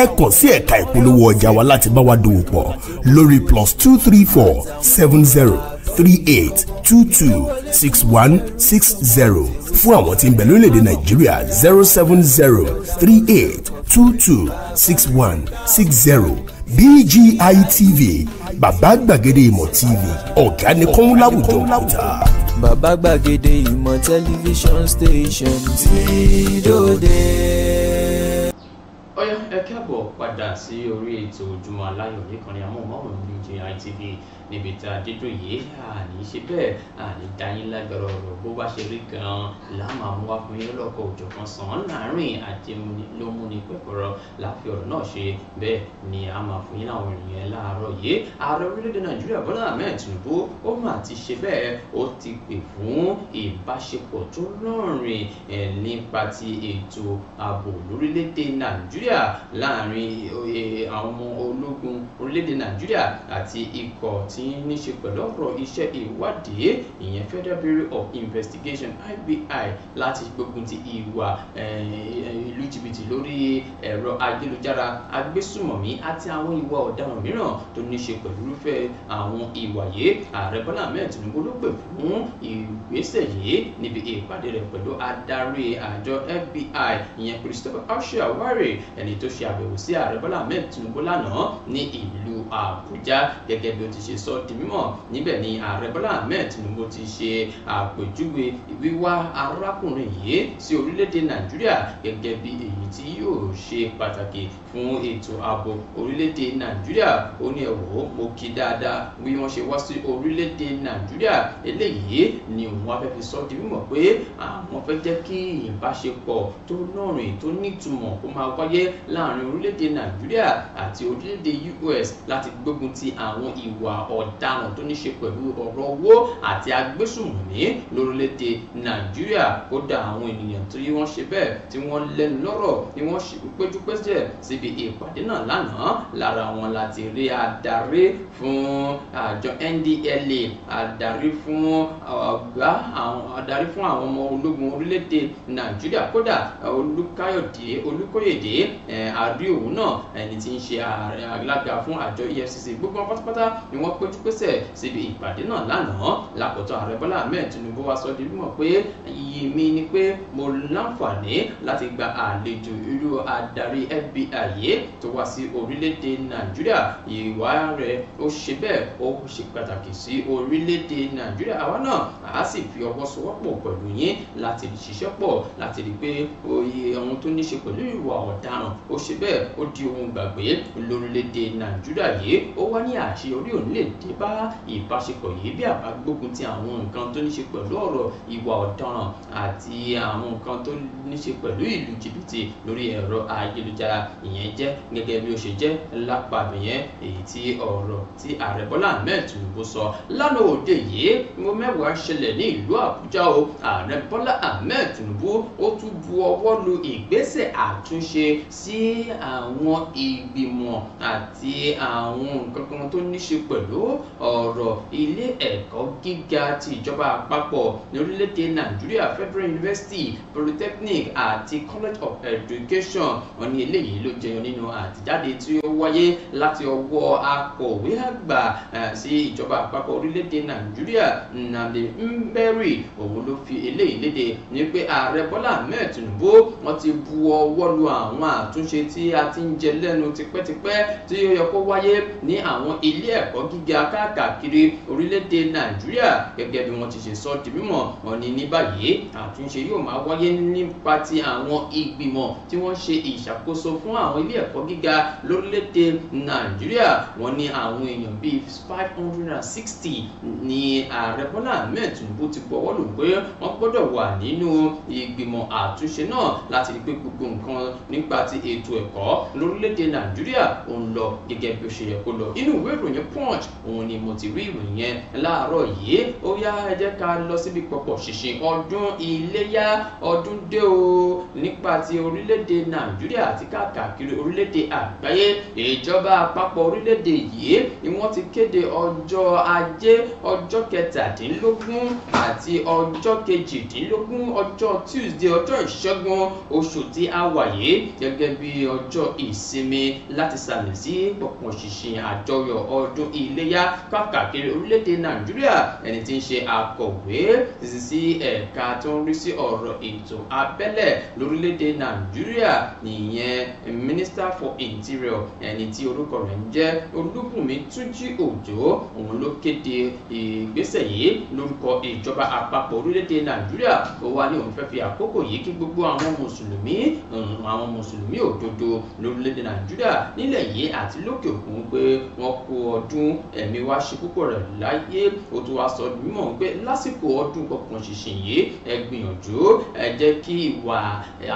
ẹ kàn sí ẹ̀ka ìpolówó ọjà wa láti bá wa dòwò pọ̀ lórí plus two three four seven zero three eight two two six one six zero fún àwọn tí ń bẹ lórílẹ̀‐èdè nàìjíríà zero seven zero three eight two two six one six zero BGI TV bàbá gbàgede ìmọ̀ TV ọ̀gá ni kọ́ńlá láwùjọ kùtà. bàbá gbàgede ìmọ̀ tẹlifíṣọ̀n station ti dòde. ọ̀yọ́ ẹ káàbọ̀ padà sí orí ètò ojúmọ́ aláyọ̀ nìkànnì amóhùnmáwòrán BGI TV níbi tá a dídùn yìí àní ṣe bẹ́ẹ̀ àní dáyín lágbára ọ̀rọ̀ bó bá ṣe rí gan-an láàmú àwọn afúnyẹ́ lọ́kọ̀ òjọ̀kan sàn láàrin àti lómúni pẹ̀kọ̀rọ̀ láfi ọ̀rọ̀ náà ṣe bẹ́ẹ̀ ni a máa fún yín láwọn ènìyàn láàárọ̀ yìí ààrẹ orílẹ̀-èdè Nàìjíríà Bọ́lá Ahmed Tinubu ó mà ti ṣe bẹ́ẹ̀ ó ti pè fún ìbáṣepọ̀ tó lọ́rìn nípa ti ètò ààbò lórílẹ̀-èdè Nàìjíríà láàrin eh, àwọn ọmọ ológun orílẹ̀-èdè nàìjíríà àti ikọ̀ tí ń ní ṣe pẹ̀lú ọ̀rọ̀ iṣẹ́ ìwádìí ìyẹn federal bureau of investigation FBI láti gbógun ti ìwà eh, ìlú jìbìtì lórí ẹ̀rọ ayélujára agbésùmọ̀mí àti àwọn ìwà ọ̀daràn mìíràn tó ní ṣe pẹ̀lú irúfẹ́ àwọn ìwà yìí ààrẹ bọ́lá ahmed tinubu ló pè fún ìgbésẹ̀ yìí níbi ìpàdé rẹ̀ pẹ̀lú adarí àjọ FBI ìyẹn christopher oshia ware ẹni tó ṣ ṣe àbẹ̀wò sí ààrẹ bọ́lá ahmed tinubu lánàá ní ìlú àbújá gẹ́gẹ́ bí ó ti ṣe sọ di mímọ̀ níbẹ̀ ni ààrẹ bọ́lá ahmed tinubu ti ṣe àpèjúwe wíwá arákùnrin yìí sí orílẹ̀-èdè nàìjíríà gẹ́gẹ́ bí èyí tí yóò ṣe pàtàkì fún ètò ààbò orílẹ̀-èdè nàìjíríà ó ní ẹ̀wọ̀ mo kí dáadáa bí wọ́n ṣe wá sí orílẹ̀-èdè nàìjíríà eléyìí ni wọ́n fẹ́ fi sọ di mímọ̀ pé àwọn fẹ́ jẹ́ kí ìbáṣepọ̀ tó nọ̀rìn tó nítumọ̀ kó máa wáyé láàrin láàrin orílẹ̀-èdè nàìjíríà àti orílẹ̀-èdè US láti gbógun ti àwọn ìwà ọ̀daràn tó ní ṣe pẹ̀lú ọ̀rọ̀ owó àti agbésùnmọ̀mí lórílẹ̀-èdè nàìjíríà kódà àwọn ènìyàn tó yí wọ́n ṣe bẹ́ẹ̀ tí wọ́n lẹ́nu lọ́rọ̀ ni wọ́n péjúpésẹ̀ síbi ìpàdé náà lánàá lára wọn láti rí adarí fún àjọ NDLA adarí fún ọ̀gá àwọn adarí fún àwọn ọmọ ológun orílẹ̀-èdè nàìjíríà kódà olùkáyọ̀dé olùkóyèdè àárí òun náà ẹni tí ń ṣe ààrẹ alága fún àjọ EFCC gbogbo pátápátá ni wọ́n péjú pésẹ̀ síbi ìpàdé náà lánàá lákòótọ́ ààrẹ Bọ́lá Ahmed Tinubu wá sọ di mímọ̀ pé iyì mi ni pé mo láǹfààní láti gba àlejò irú adarí FBI yìí tó wá sí orílẹ̀-èdè Nàìjíríà ìwà rẹ̀ ó ṣe bẹ́ẹ̀ ó ṣe pàtàkì sí orílẹ̀-èdè Nàìjíríà àwa náà àá sì fi ọwọ́ sowọ́pọ̀ pẹ̀lú yín láti ṣiṣẹ́ pọ̀ láti rí pé òye ohun tó ní ṣe pẹ̀lú ìwà ọ̀daràn ó ṣ ṣe bẹ́ẹ̀ ó di ohun gbàgbé lórílẹ̀‐èdè nàìjíríà yìí ó wá ní àṣeyọrí òní lè dé bá ìbáṣepọ̀ yìí bí àbá gbógun ti àwọn nǹkan tó ní ṣe pẹ̀lú ọ̀rọ̀ ìwà ọ̀daràn àti àwọn nǹkan tó ní ṣe pẹ̀lú ìlú jìbìtì lórí ẹ̀rọ ayélujára ìyẹn jẹ́ gẹ́gẹ́ bí ó ṣe jẹ́ lápàmì yẹn èyí tí ọ̀rọ̀ tí ààrẹ bọ́lá ahmed tinubu sọ lánàá o ààrẹ bọ́lá ahmed tinubu ó tún bu ọwọ́ lu àwọn ìgbìmọ̀ àti àwọn nǹkan kan tó ní ṣe pẹ̀lú ọ̀rọ̀ ilé ẹ̀kọ́ gíga ti ìjọba àpapọ̀ ní orílẹ̀-èdè Nàìjíríà Federal University Polytechnic àti College of Education wọn ní eléyìí ló jẹyọ nínú àtijáde tí ó wáyé láti ọwọ́ akọ̀wé àgbà eh, sí ìjọba àpapọ̀ orílẹ̀-èdè Nàìjíríà Nnamdi Mbẹ́rì òun ló fi eléyìí léde ní pé ààrẹ Bọ́lá Ahmed Tinubu wọn ti bu ọwọ́ lu àwọn àtúnṣe tí a ti ń jẹ lẹ́nu tipẹ́tipẹ́ tí ó yẹ kó wáyé ní àwọn ilé ẹ̀kọ́ gíga káàkiri orílẹ̀-èdè nàìjíríà gẹ́gẹ́ bí wọ́n ti ṣe sọ di mímọ̀ wọ́n ní ní báyìí àtúnṣe yóò máa wáyé nípa ti àwọn ìgbìmọ̀ tí wọ́n ṣe ìṣàkóso fún àwọn ilé ẹ̀kọ́ gíga lórílẹ̀-èdè nàìjíríà wọ́n ní àwọn èèyàn bíi five hundred and sixty ni ààrẹ bọ́lá ahmed tinubu ti gbọ́wọ́ lò pé wọ́n gbọ́dọ̀ wà nínú ìgbìmọ̀ àtúnṣe náà láti rí pé gbogbo nǹkan nípa ti ètò ètò ẹ̀kọ́ lórílẹ̀‐èdè nàìjíríà ó ń lọ gẹ́gẹ́ bí ó ṣe yẹ kó lọ inú ìwé ìròyìn punch òun ni mo ti rí ìròyìn yẹn láàárọ̀ yìí ó yá ẹ jẹ́ ká lọ síbi pọ̀pọ̀ ṣìnṣìn ọdún iléyá ọdún dé o nípa ti orílẹ̀‐èdè nàìjíríà àti káàkiri orílẹ̀‐èdè àgbáyé ìjọba àpapọ̀ orílẹ̀ yìí ni wọ́n ti kéde ọjọ́ ajé ọjọ́ kẹtàdínlógún àti ọjọ́ kejìdínlógún ọjọ́ tuesday ọjọ́ ìṣẹ́gun oṣù tí a wà yìí gẹ́gẹ́ bíi fi ọjọ́ ìsinmi láti sàmì sí pọ̀pọ̀ ṣìnṣìn àjọyọ̀ ọdún iléyá káàkiri orílẹ̀-èdè nàìjíríà ẹni tí ń ṣe akọ̀wé títí sí ẹ̀ka tó ń rí sí ọ̀rọ̀ ètò abẹ́lé lórílẹ̀-èdè nàìjíríà nìyẹn minister for interior ẹni tí orúkọ rẹ̀ ń jẹ́ olúbùnmi túnjí òjò òun ló kéde ìgbésẹ̀ yìí lórúkọ ìjọba àpapọ̀ orílẹ̀-èdè nàìjíríà ó wá ní òun fẹ́ fi àkókò yìí kí gbogbo àwọn mùsùlùmí àwọn mùsùlùmí òdo òdodo lórílẹ̀‐èdè nàìjíríà nílẹ̀ yìí àti lókè òkun pé wọ́n kú ọdún ẹ̀mí wa ṣe púpọ̀ rẹ̀ láyé ó tún wá sọ mímọ̀ pé lásìkò ọdún kọkàn ṣìṣìn yìí ẹ gbìyànjú ẹ jẹ́ kí ìwà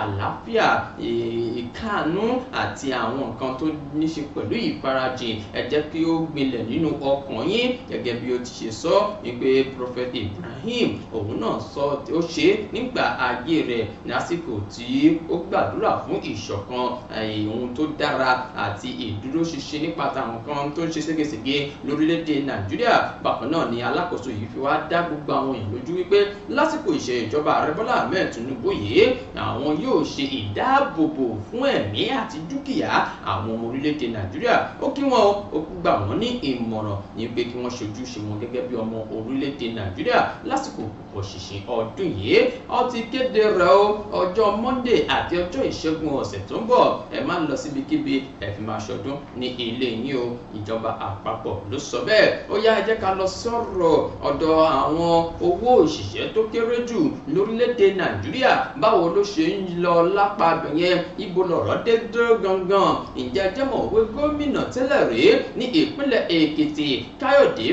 àlàáfíà ìkáàánú àti àwọn nǹkan tó ní ṣe pẹ̀lú ìfarajìn ẹ jẹ́ kí ó gbilẹ̀ nínú ọkàn yín gẹ́gẹ́ bí ó ti ṣe sọ wípé prophet ibrahim òun náà sọ ó ṣe nígbà ayé rẹ̀ lásìkò tí ó gbàdúrà fún ìṣọ̀kan Eh, ohun tó dára àti ìdúróṣinṣin nípa tàwọn kan tó ń ṣe ségesège lórílẹ̀‐èdè nàìjíríà bákan náà ni alákòóso yìí fi wá dá gbogbo àwọn èèyàn lójú wípé lásìkò ìṣèjọba ààrẹ bọ́lá ahmed tinubu yìí àwọn yóò ṣe ìdáàbòbò fún ẹ̀mí àti dúkìá àwọn ọmọ orílẹ̀‐èdè nàìjíríà ó kí wọn ó gbà wọ́n ní ìmọ̀ràn ní pé kí wọ́n ṣojúṣe wọn gẹ́gẹ́ bí ọmọ orílẹ̀‐èdè nàìjíríà lásìkò òṣìṣẹ́ ọdún yìí ó kéde rẹ̀ ọjọ́ monday àti ọjọ́ ìṣẹ́gun ọ̀sẹ̀ tó ń bọ̀ ẹ má lọ síbi kíbi ẹ fi máa ṣọdún ní ilé yín o ìjọba àpapọ̀ ló sọ bẹ́ẹ̀ ó yá ẹ jẹ́ ká lọ sọ̀rọ̀ ọ̀dọ̀ àwọn owó òṣìṣẹ́ tó kéré jù lórílẹ̀‐èdè nàìjíríà báwo ló ṣe ń lọ lápá yẹn ibo lọ̀rọ̀ dé dúró gangan ǹjẹ́ jẹ́mọ̀ wé gómìnà tẹ́lẹ̀ rèé ní ìpínlẹ̀ èkìtì káyọ̀dé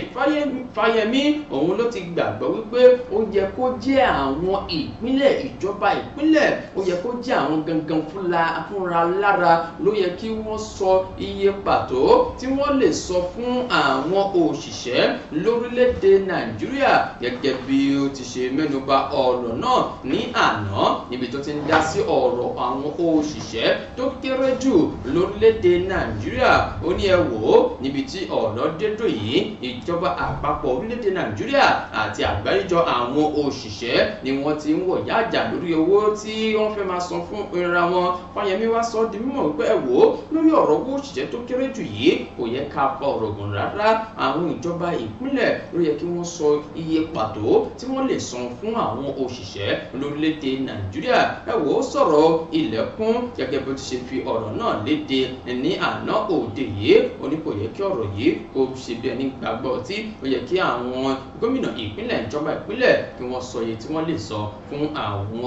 fáyẹmí òun ló ti gbàgbọ́ wípé ó yẹ kó jẹ́ àwọn ìpínlẹ̀ ìjọba ìpínlẹ̀ ó yẹ kó jẹ́ àwọn gangan fúnra lára ló yẹ kí wọ́n sọ iye pàtó tí wọ́n lè sọ fún àwọn òṣìṣẹ́ lórílẹ̀‐èdè nàìjíríà gẹ́gẹ́ bí ó ti ṣe mẹ́nuba ọ̀rọ̀ náà ní àná níbi tó ti ń dá sí ọ̀rọ̀ àwọn òṣìṣẹ́ tó kéré jù lórílẹ̀‐èdè nàìjíríà ó ní ẹ wò ó níbi tí ọ̀rọ̀ dédò yìí ìjọba àpapọ̀ orílẹ̀‐èdè nàìjíríà àti àgbáríjọ àwọn òṣìṣẹ́ ni wọ́n ti ń wọ̀yáàjà lórí owó tí wọ́n fẹ́ máa san fún ìra wọn fáyemí wá sọ sọ di mímọ̀ wípé ẹ wò ó lórí ọ̀rọ̀ owó òṣìṣẹ́ tó kéré jù yìí kò yẹ ká pa ọ̀rọ̀ gùn rárá àwọn ìjọba ìpínlẹ̀ ló yẹ kí wọ́n sọ iye pàtó tí wọ́n lè san fún àwọn òṣìṣẹ́ lórílẹ̀ nàìjíríà ẹ wò ó sọ̀rọ̀ ilẹ̀kùn gẹ́gẹ́ bó ti ṣe fi ọ̀rọ̀ náà léde ní àná òde yìí ó ní kò yẹ kí ọ̀rọ̀ yìí kó ṣe bí ẹni gbàgbọ́ tí ó yẹ kí àwọn gómìnà ìpínlẹ̀ ìjọba ìpínlẹ̀ kí wọ́n sọ iye tí wọ́n lè san fún àwọn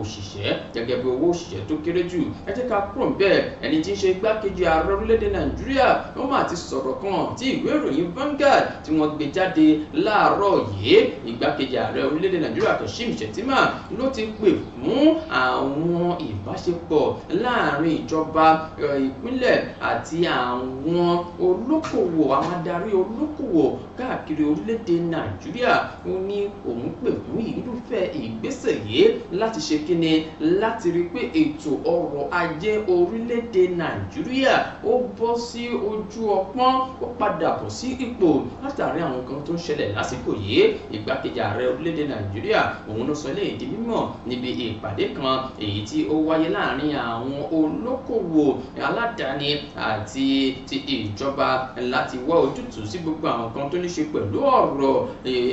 òṣìṣẹ́ gẹ́gẹ́ bí owó òṣìṣẹ́ tó kéré jù ẹ jẹ́ ká ká kúrò níbẹ̀ ẹni tí ń ṣe igbákejì ààrẹ orílẹ̀-èdè nàìjíríà ó mà ti sọ̀rọ̀ kan tí ìwé ìròyìn Vanguard tí wọ́n gbé jáde láàárọ̀ yìí igbákejì ààrẹ orílẹ̀-èdè nàìjíríà Kashim Shettima ló ti pè fún àwọn ìbáṣepọ̀ láàrin ìjọba ìpínlẹ̀ àti àwọn olókòwò àwọn adarí olókòwò káàkiri orílẹ̀-èdè nàìjíríà ó ní òun pè fún irúfẹ́ ìgbésẹ̀ yìí láti ṣe kíni láti rí pé ètò ọrọ̀ ajé jẹ́ orílẹ̀-èdè nàìjíríà ó bọ́ sí ojú ọpọ́n ó padà bọ̀ sí ipò látàrí àwọn kan tó ń ṣẹlẹ̀ lásìkò yìí ìgbákejì ààrẹ orílẹ̀-èdè nàìjíríà òun ló sọ léèdè mímọ̀ níbi ìpàdé kan èyí tí ó wáyé láàrin àwọn olókòwò aládàáni àti ti ìjọba láti wá ojútùú sí gbogbo àwọn kan tó ní ṣe pẹ̀lú ọ̀rọ̀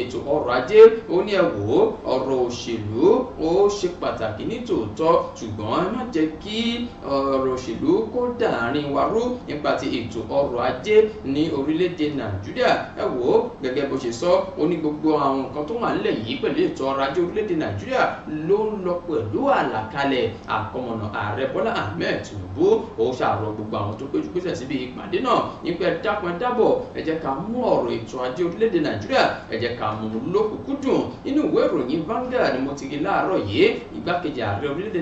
ètò ọrọ̀ ajé ó ní ẹ̀wò ọ̀rọ̀ òṣèlú ó ṣe pàtàkì ní tòótọ́ ṣùgbọ́n má jẹ́ kí ọ̀rọ̀ òṣèlú kó dàárín wa rú nípa ti ètò ọrọ̀ ajé ní orílẹ̀-èdè nàìjíríà ẹ wò ó gẹ́gẹ́ bó ṣe sọ ó ní gbogbo àwọn nǹkan tó wà nílẹ̀ yìí pẹ̀lú ètò ọrọ̀ ajé orílẹ̀-èdè nàìjíríà ló ń lọ pẹ̀lú àlàkalẹ̀ àkọmọ̀nà ààrẹ bọ́lá ahmed tinubu ó ṣàrọ̀ gbogbo àwọn tó péjú pésẹ̀ síbi ìpàdé náà nípa dápọn dábọ̀ ẹ ká mú ọ̀rọ̀ ètò ajé orílẹ̀-èdè nàìjíríà ẹ ká mú lókùnkúndùn nínú ìwé ìròyìn Vanguard ni mo ti rí láàárọ̀ yìí igbákejì ààrẹ orílẹ̀-èdè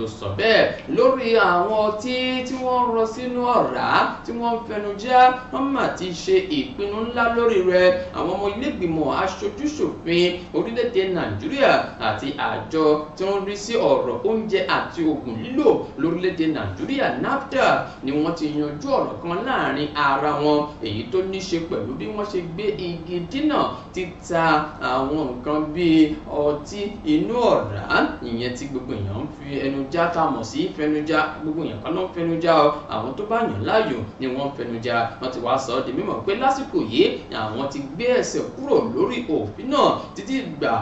ló sọ bẹ́ẹ̀ lórí àwọn ọtí tí wọ́n rọ sínú ọ̀rá tí wọ́n fẹnu já wọ́n mà ti ṣe ìpinnu ńlá lórí rẹ̀ àwọn ọmọ ilégbìmọ̀ aṣojúṣòfin orílẹ̀-èdè nàìjíríà àti àjọ tí wọ́n rí sí ọ̀rọ̀ oúnjẹ àti oògùn lílò lórílẹ̀-èdè nàìjíríà nafda ni wọ́n ti yanjú ọ̀rọ̀ kan láàrin ara wọn èyí tó ní ṣe pẹ̀lú bí wọ́n ṣe gbé igi dínà títa àwọn nǹkan bíi ọtí inú ọ̀rá ìyẹn tí gbogbo èèyàn ń fi ẹnu já tá a mọ̀ sí fẹnujá gbogbo èèyàn kan ló fẹnujá o àwọn tó bá yàn láàyò ni wọ́n ń fẹnujá wọ́n ti wá sọ ọ́ di mímọ̀ pé lásìkò yìí àwọn ti gbé ẹsẹ̀ kúrò lórí òfin náà títí gbà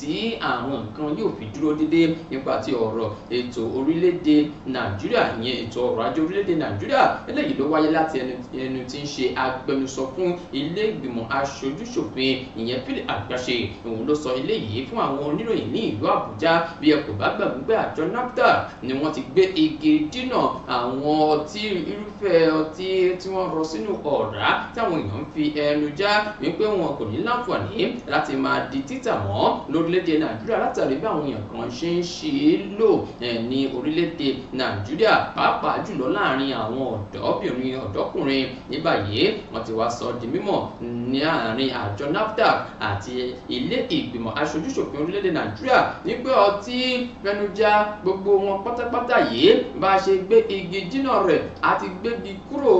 tí àwọn nǹkan yóò fi dúró dédé nípa ti ọ̀rọ̀ ètò orílẹ̀-èdè nàìjíríà ìyẹn ètò ọrọ̀ ajé orílẹ̀-èdè nàìjíríà eléyìí ló wáyé láti ẹnu tí ń ṣe agbẹnusọ fún ilé ìgbìmọ̀ aṣojúṣòfin ìyẹn philip àgbàṣe òun ló sọ eléyìí fún àwọn oníròyìn ní ìlú àbújá bí ẹ kò bá gbàgbé àjọ nafdac ni wọ́n ti gbé igi dínà àwọn ọtí irúfẹ́ ọtí tí wọ́n rọ sínú ọ̀rá táwọn èèyàn ń fi ẹnu já wípé wọn kò ní láǹfààní láti máa di títà mọ́ lórí orílẹ̀-èdè nàìjíríà látàrí bí àwọn èèyàn kan ṣe ń ṣe é lò ní orílẹ̀-èdè nàìjíríà pàápàá jùlọ láàrin àwọn ọ̀dọ́bìnrin ọ̀dọ́kùnrin ní báyìí wọ́n ti wá sọ di mímọ̀ ní àárín àjọ nafdac àti ilé ìgbìmọ̀ aṣojúṣòfin orílẹ̀-èdè nàìjíríà nígbà ọtí fẹnujá gbogbo wọn pátápátá yìí bá ṣe gbé igi jìnnà rẹ̀ àti gbégi kúrò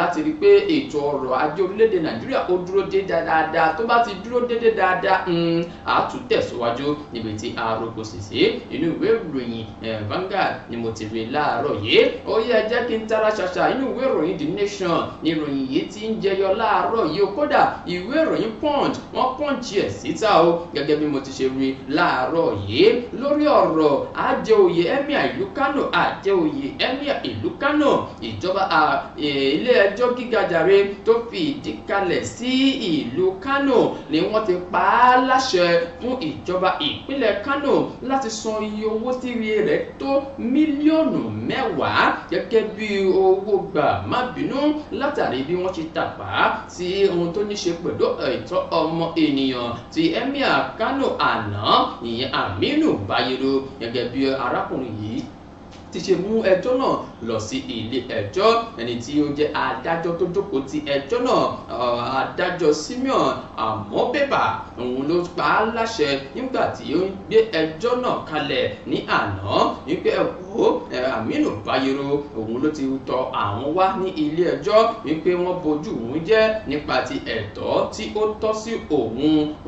láti rí pé ètò ọrọ̀ ajé orílẹ̀-èdè nàìjíríà ó dúró dé dáadáa tó bá ti dúró déédéé dáadáa àtúntẹ̀sọ hmm, síwájú níbi tí arógo sì sí inú ìwé ìròyìn eh, Vanguard ni mo ti rí láàárọ̀ yìí ó yẹ jẹ́ kí n tara ṣàṣà inú ìwé ìròyìn The Nation ni ìròyìn yìí ti ń jẹyọ láàárọ̀ yìí ó kódà ìwé ìròyìn Punch wọ́n pọ́ǹchì ẹ̀ síta o gẹ́gẹ́ bí mo ti ṣe rí láàárọ̀ yìí lórí ọ̀rọ̀ àjẹòye emir ìlú Kánò àjẹòye emir ìlú Kánò ìjọba ilé ẹjọ́ gíga jàre tó fi ìdí kalẹ̀ sí ìlú Kánò ni wọ́n ti pa á láṣẹ fún ìjọba ìjọba ìpínlẹ̀ Kánò láti san iye owó tí iye rẹ̀ tó mílíọ̀nù mẹ́wàá gẹ́gẹ́ bí owó gbà má bínú látàrí bí wọ́n ti tàpá sí ohun tó ní ṣe pẹ̀lú ẹ̀tọ́ ọmọ ènìyàn ti Emir Kánò àná ìyẹn Aminu Bayero gẹ́gẹ́ bí arákùnrin yìí ti ṣe mú ẹjọ́ náà lọ sí ilé ẹjọ́ ẹni tí ó jẹ́ adájọ́ tó jókòó ti ẹjọ́ náà adájọ́ Simeon Amobeba òun ló pa á láṣẹ nígbà tí ó ń gbé ẹjọ́ náà kalẹ̀ ní àná wípé ẹ̀kọ́ Aminu Bayero òun ló ti tọ àwọn wá ní ilé ẹjọ́ wípé wọ́n bojú òun jẹ́ nípa ti ẹ̀tọ́ tí ó tọ́ sí òun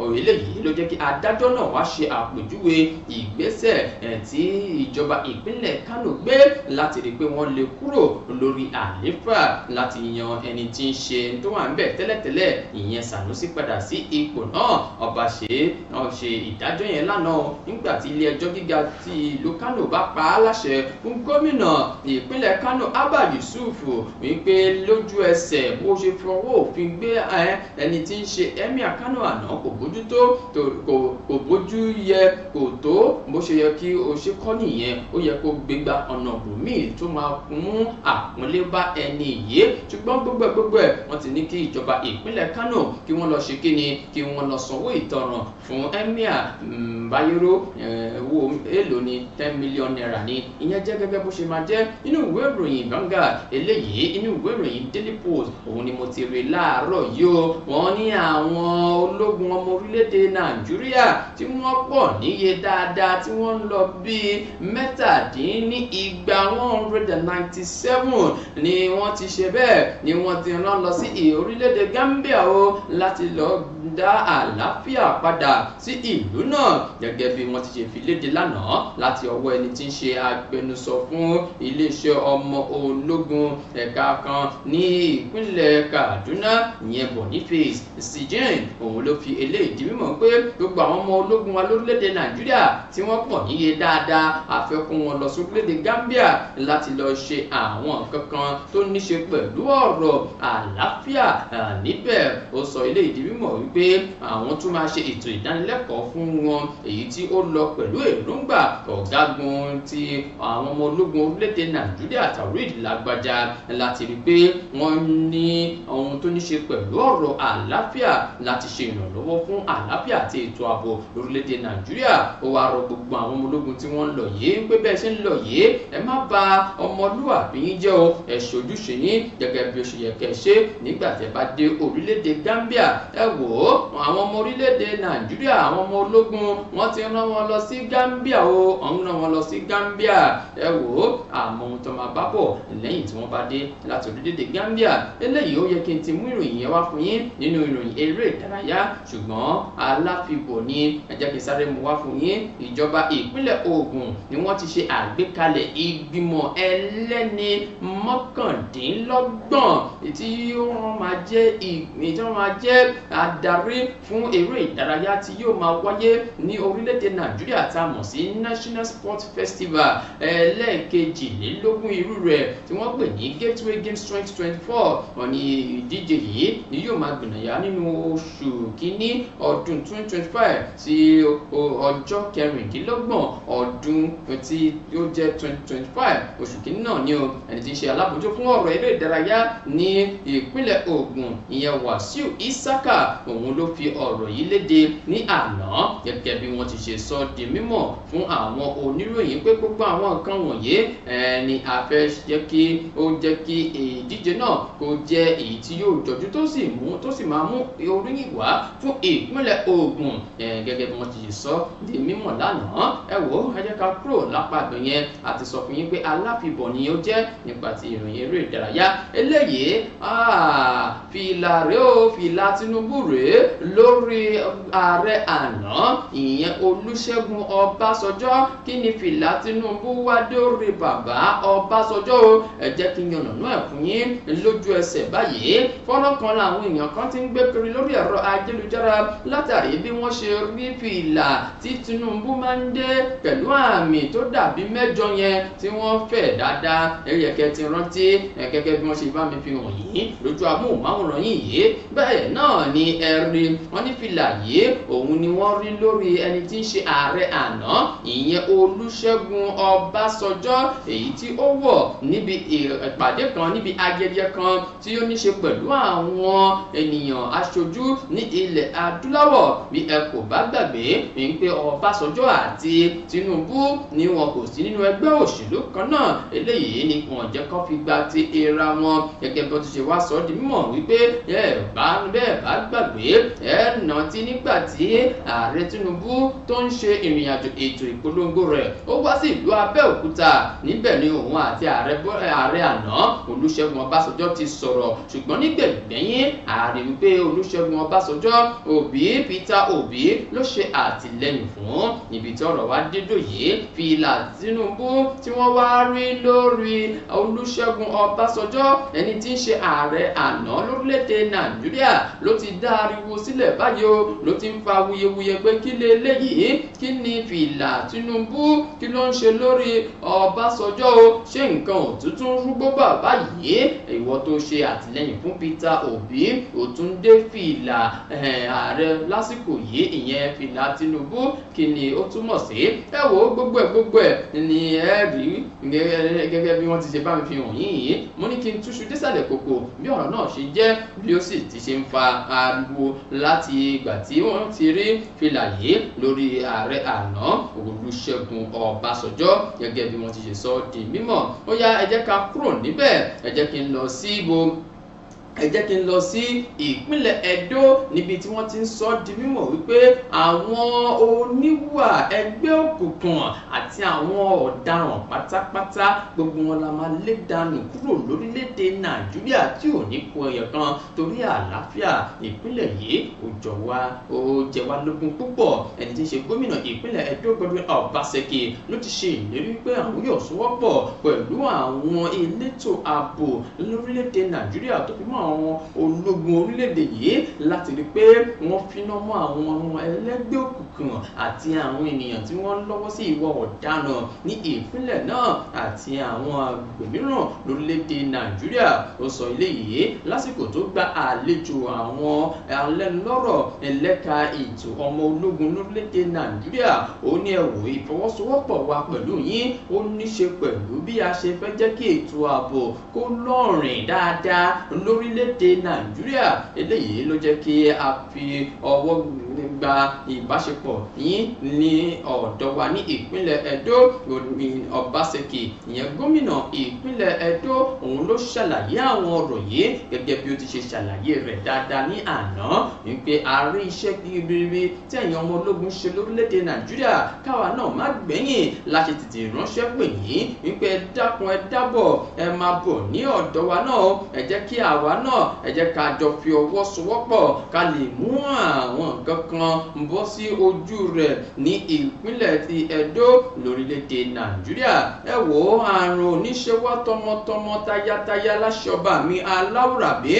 òrìlẹ̀ yìí ló jẹ́ kí adájọ́ náà wá ṣe àpèjúwe ìgbésẹ̀ tí ìjọba ìpínlẹ̀ Kánò gbé láti rí i pé wọ́n lè kúrò lórí àlééfà láti yan ẹni tí ń ṣe tó wà ń bẹ̀ tẹ́lẹ̀tẹ́lẹ̀ ìyẹn Sànúsí padà sí ipò náà ọba ṣe náà ṣe ìdájọ́ yẹn lánàá nígbà tí ilé ẹjọ́ gíga ti ìlú Kánò bá pa á láṣẹ fún gómìnà ìpínlẹ̀ Kánò Abba Yusuf wípé lójú ẹsẹ̀ bó ṣe fọwọ́ òfin gbé ẹni tí ń ṣe emir Kánò àná kò bójú tó kò bójú yẹ kò tó bó ṣe yẹ kí o ṣe kọ́ nìyẹn ó yẹ kó gbégbá ọ̀nà bòmíì tó máa mú àpọ́nlé bá ẹni yìí ṣùgbọ́n gbogbo ẹ̀ gbogbo ẹ̀ wọ́n ti ní kí ìjọba ìpínlẹ̀ Kánò kí wọ́n lọ ṣe kí ni kí wọ́n lọ sanwó ìtanràn fún emir Bayero owó èlò ni ten million naira ni ìyẹn jẹ́ gẹ́gẹ́ bó ṣe máa jẹ́ inú ìwé ìròyìn Vanguard eléyìí inú ìwé ìròyìn Daily Post òun ni mo ti rí láàárọ̀ yìí o wọ́n ní àwọn ológun ọmọ orílẹ̀-èdè Nàìjíríà tí wọ́n pọ̀ níye dáadáa tí wọ́n ń lọ bíi mẹ́tàdínní igba one hundred and ninety seven ni wọ́n ti ṣe bẹ́ẹ̀ ni wọ́n ti rán lọ sí orílẹ̀-èdè Gambia o láti lọ́ọ́ dá àlàáfíà padà sí ìlú náà gẹ́gẹ́ bí wọ́n ti ṣe fi léde lánàá láti ọwọ́ ẹni tí ń ṣe agbẹnusọ fún iléeṣẹ́ ọmọ ológun ẹ̀ka kan ní ìpínlẹ̀ Kaduna ìyẹn Boniface Sijin òun ló fi eléyìí di mímọ̀ pé gbogbo àwọn ọmọ ológun wa lórílẹ̀‐èdè Nàìjíríà tí wọ́n pọ̀ níye dáadáa àfẹ́kùn wọn lọ sórílẹ̀‐èdè Gambia láti lọ ṣe àwọn nǹkan kan tó ní ṣe pẹ̀lú ọ̀rọ̀ àlàáfíà níbẹ̀ ó sọ ilé ìdí mímọ̀ wípé àwọn tún máa ṣe ètò ìdánilẹ́kọ̀ọ́ fún wọn èyí tí ó lọ pẹ̀lú èròǹgbà ọ̀gágun ti àwọn ọmọ ológun orílẹ̀-èdè Nàìjíríà Taoreed Lagbaja láti rí pé wọ́n ní ohun tó ní ṣe pẹ̀lú ọ̀rọ̀ àlàáfíà láti ṣe ìrànlọ́wọ́ fún àlàáfíà àti ètò ààbò orílẹ̀-èdè Nàìjíríà ó wá rọ gbogbo àwọn ọmọ ológun tí wọ́n ń lọ yìí pé bẹ́ẹ̀ ṣe ń lọ yìí ẹ má bà ọmọlúwàbí yín jẹ́ o ẹ ṣojúṣe yín gẹ́gẹ́ bí o ṣe ṣe nígbà tẹ́ bá dé orílẹ̀-èdè Gambia ẹ wò ó àwọn ọmọ orílẹ̀-èdè Nàìjíríà àwọn ọmọ ológun wọ́n ti rán wọn lọ sí Gambia o ọ̀hún rán wọn lọ sí Gambia ẹ wò ó àmọ́ ohun tó máa bá bọ̀ lẹ́yìn tí wọ́n bá dé láti orílẹ̀-èdè Gambia eléyìí ó yẹ kí n ti mú ìròyìn yẹn wá fún yín nínú ìròyìn eré ìdárayá ṣùgbọ́n aláfibò ni ẹ jẹ́ kí sáré mu wá fún yín ìjọba ìpínlẹ̀ Ògùn ni wọ́n ti ṣe àgbékalẹ̀ balẹ̀ ìgbìmọ̀ ẹlẹ́ni mọ́kàndínlọ́gbọ̀n tí wọ́n máa jẹ́ ìgbìmọ̀ tí wọ́n máa jẹ́ adarí fún eré ìdárayá tí yóò máa wáyé ní orílẹ̀-èdè nàìjíríà tá a mọ̀ sí national sports festival ẹlẹ́ẹ̀kejìlélógún irú rẹ̀ tí wọ́n pè ní gateway games twenty twenty four ọ̀nì ìdíje yìí ni yóò máa gbìnàyà nínú oṣù kínní ọdún twenty twenty five sí ọjọ́ kẹrìndínlọ́gbọ̀n ọdún tí ó jẹ́ twenty twenty five oṣù kìíní náà ni o ẹni tí ń ṣe alábòójú fún ọ̀rọ̀ eré ìdárayá ní ìpínlẹ̀ Ògùn ìyẹn Wàsíù Ìsákà òun ló fi ọ̀rọ̀ yìí léde ní àná gẹ́gẹ́ bí wọ́n ti ṣe sọ di mímọ̀ fún àwọn oníròyìn pé gbogbo àwọn nǹkan wọ̀nyí ni a fẹ́ jẹ́ kí ó jẹ́ kí ìdíje náà kó jẹ́ èyí tí yóò jọjú tó sì mú tó sì máa mú oríyìn wá fún ìpínlẹ̀ Ògùn gẹ́gẹ́ bí wọ́n ti ṣe sọ di mímọ̀ lánàá ẹ wò ẹ jẹ́ ká kúrò lápá ibẹ̀ yẹn àti sọ fún yín pé aláfibọ̀ ni ó jẹ́ nípa ti ìròyìn eré ìdárayá eléyìí ah, fìlà rèé o fìlà Tinubu rèé lórí ah, ààrẹ àná ìyẹn Olúṣẹ́gun Ọbásanjọ́ kí ni fìlà Tinubu wá dórí bàbá Ọbásanjọ́ o ẹ jẹ́ kí n yànnàná ẹ̀ fún yín lójú ẹsẹ̀ báyìí fọ́nrán kan làwọn èèyàn kan ti ń gbé kiri lórí ẹ̀rọ ayélujára látàrí bí wọ́n ṣe rí fìlà tí Tinubu máa ń dé pẹ̀lú àmì tó dàbí mẹ́jọ yẹn yẹn tí wọ́n fẹ̀ dáadáa ẹ̀rí ẹ̀kẹ́ ti rántí ẹ̀kẹ́kẹ́ bí wọ́n ṣe bá mi fi hàn yìí lójú amóhùnmáwòrán yìí yìí bẹ́ẹ̀ náà ni ẹ̀rí wọ́n ní fìlà yìí òun ni wọ́n rí lórí ẹni tí ń ṣe ààrẹ àná ìyẹn Olúṣẹ́gun Ọbásanjọ́ èyí tí ó wọ̀ níbi ìpàdé kan níbi ayẹyẹ kan tí ó ní ṣe pẹ̀lú àwọn ènìyàn aṣojú ní ilẹ̀ adúláwọ̀ bí ẹ kò bá gbàgbé ń pé Ọbásanjọ́ àti Tinubu ni wọn kò sí nínú ẹgbẹ́ ẹgbẹ́ òṣèlú kan náà eléyìí ni wọ́n jẹ́ kó fi gba ti ìra wọn gẹ́gẹ́ bó ti ṣe wá sọ di mímọ̀ wípé ẹ bá bẹ́ẹ̀ bá gbàgbé ẹ nàntí nígbà tí ààrẹ Tinubu tó ń ṣe ìrìnàjò ètò ìpolongo rẹ̀ ó wá sí ìlú Abẹ́òkúta níbẹ̀ ni òun àti ààrẹ àná Olúṣẹ́gun Ọbásanjọ́ ti sọ̀rọ̀ ṣùgbọ́n nígbẹ̀gbẹ̀yìn ààrẹ wípé Olúṣẹ́gun Ọbásanjọ́ Òbí Peter Òbí ló ṣe àtìlẹ́yìn fún ibi wá dédò yìí fìlà Tinubu tí wọ́n wá rí lórí Olúṣẹ́gun Ọbásanjọ́ ẹni tí ń ṣe ààrẹ àná lórílẹ̀‐èdè Nàìjíríà ló ti dá ariwo sílẹ̀ báyìí o ló ti ń fa wuyewuye pé kí lè léyìí kí ni fìlà Tinubu kí ló ń ṣe lórí Ọbásanjọ́ o ṣé nǹkan ò tuntun rúgbó bàbá yìí ìwọ tó ṣe àtìlẹ́yìn fún Peter Obi ò tún dé fìlà ààrẹ lásìkò yìí ìyẹn fìlà Tinubu kí ni ó túmọ̀ sí ẹ wo gbogbo ẹ gbogbo ẹ ni rí gẹ́gẹ́ bí wọ́n ti ṣe bá mi fi hàn yìnyín mo ní kí n túṣu désàlẹ̀ kòkò bí ọ̀rọ̀ náà ṣe jẹ́ bí ó sì ti ṣe ń fa ariwo láti ìgbà tí wọ́n ti rí fìlà yìí lórí ààrẹ àná Olúṣẹ́gun Ọbásanjọ́ gẹ́gẹ́ bí wọ́n ti ṣe sọ di mímọ̀ ó yá ẹ ká kúrò níbẹ̀ ẹ kí n lọ sí ibo ẹ jẹ́ kí n lọ sí ìpínlẹ̀ Ẹdó níbi tí wọ́n ti ń sọ di mímọ̀ wípé àwọn oníwà ẹgbẹ́ òkùnkùn àti àwọn ọ̀daràn pátápátá gbogbo wọn la máa lé dànù kúrò lórílẹ̀‐èdè Nàìjíríà tí ò ní kù ẹyọ kan torí àlàáfíà ìpínlẹ̀ yìí ó jọ wá ó jẹ wá lógún púpọ̀ ẹni tí ń ṣe gómìnà ìpínlẹ̀ Ẹdó Godwin Obaseki ló ti ṣe ìlérí pé àwọn yóò sọwọ́pọ̀ pẹ̀lú àwọn elétò ààbò lórílẹ̀‐èdè Nàìjíríà tó fi mọ́ àwọn ológun orílẹ̀-èdè yìí láti rí pé wọ́n finá mọ́ àwọn ọmọ ẹlẹ́gbẹ́ òkùnkùn àti àwọn ènìyàn tí wọ́n lọ́wọ́ sí ìwà ọ̀daràn ní ìpínlẹ̀ náà àti àwọn agbòmíràn lórílẹ̀-èdè nàìjíríà ó sọ eléyìí lásìkò tó gba àlejò àwọn alẹ́nulọ́rọ̀ ẹlẹ́ka ètò ọmọ ológun lórílẹ̀-èdè nàìjíríà ó ní ẹ̀wò ìfọwọ́sowọ́pọ̀ wa pẹ̀lú yín ó níṣe pẹ̀lú bí a ṣe fẹ́ jẹ́ kí ètò ààbò kó lọ́rìn dáadáa lórí lórílẹ̀‐èdè nàìjíríà eléyìí ló jẹ́ kí a fi ọwọ́ gba ìbáṣepọ̀ yín ní ọ̀dọ̀ wa ní ìpínlẹ̀ Ẹdó Obaseki ìyẹn gómìnà ìpínlẹ̀ Ẹdó òun ló ṣàlàyé àwọn ọ̀rọ̀ yìí gẹ́gẹ́ bí ó ti ṣe ṣàlàyé rẹ̀ dáadáa ní àná wípé a rí iṣẹ́ ribiribi tí ẹ̀yin ọmọ ológun ṣe lórílẹ̀‐èdè nàìjíríà káwa náà má gbẹ̀yìn láti tètè ránṣẹ́ pè yín wípé ẹ dákun ẹ dábọ̀ ẹ máa bọ̀ ní ọ̀dọ̀ wa náà ẹ jẹ́ kí àwa náà ẹ jẹ́ ká jọ fi ọwọ́ sowọ́pọ̀ ká lè mú àwọn nǹkan kan bọ́ sí ojú rẹ̀ ní ìpínlẹ̀ ti Ẹdó lórílẹ̀‐èdè Nàìjíríà ẹ wò ó àrùn oníṣẹ́wá tọmọtọmọ tayátayá láṣọba mi aláwùrábí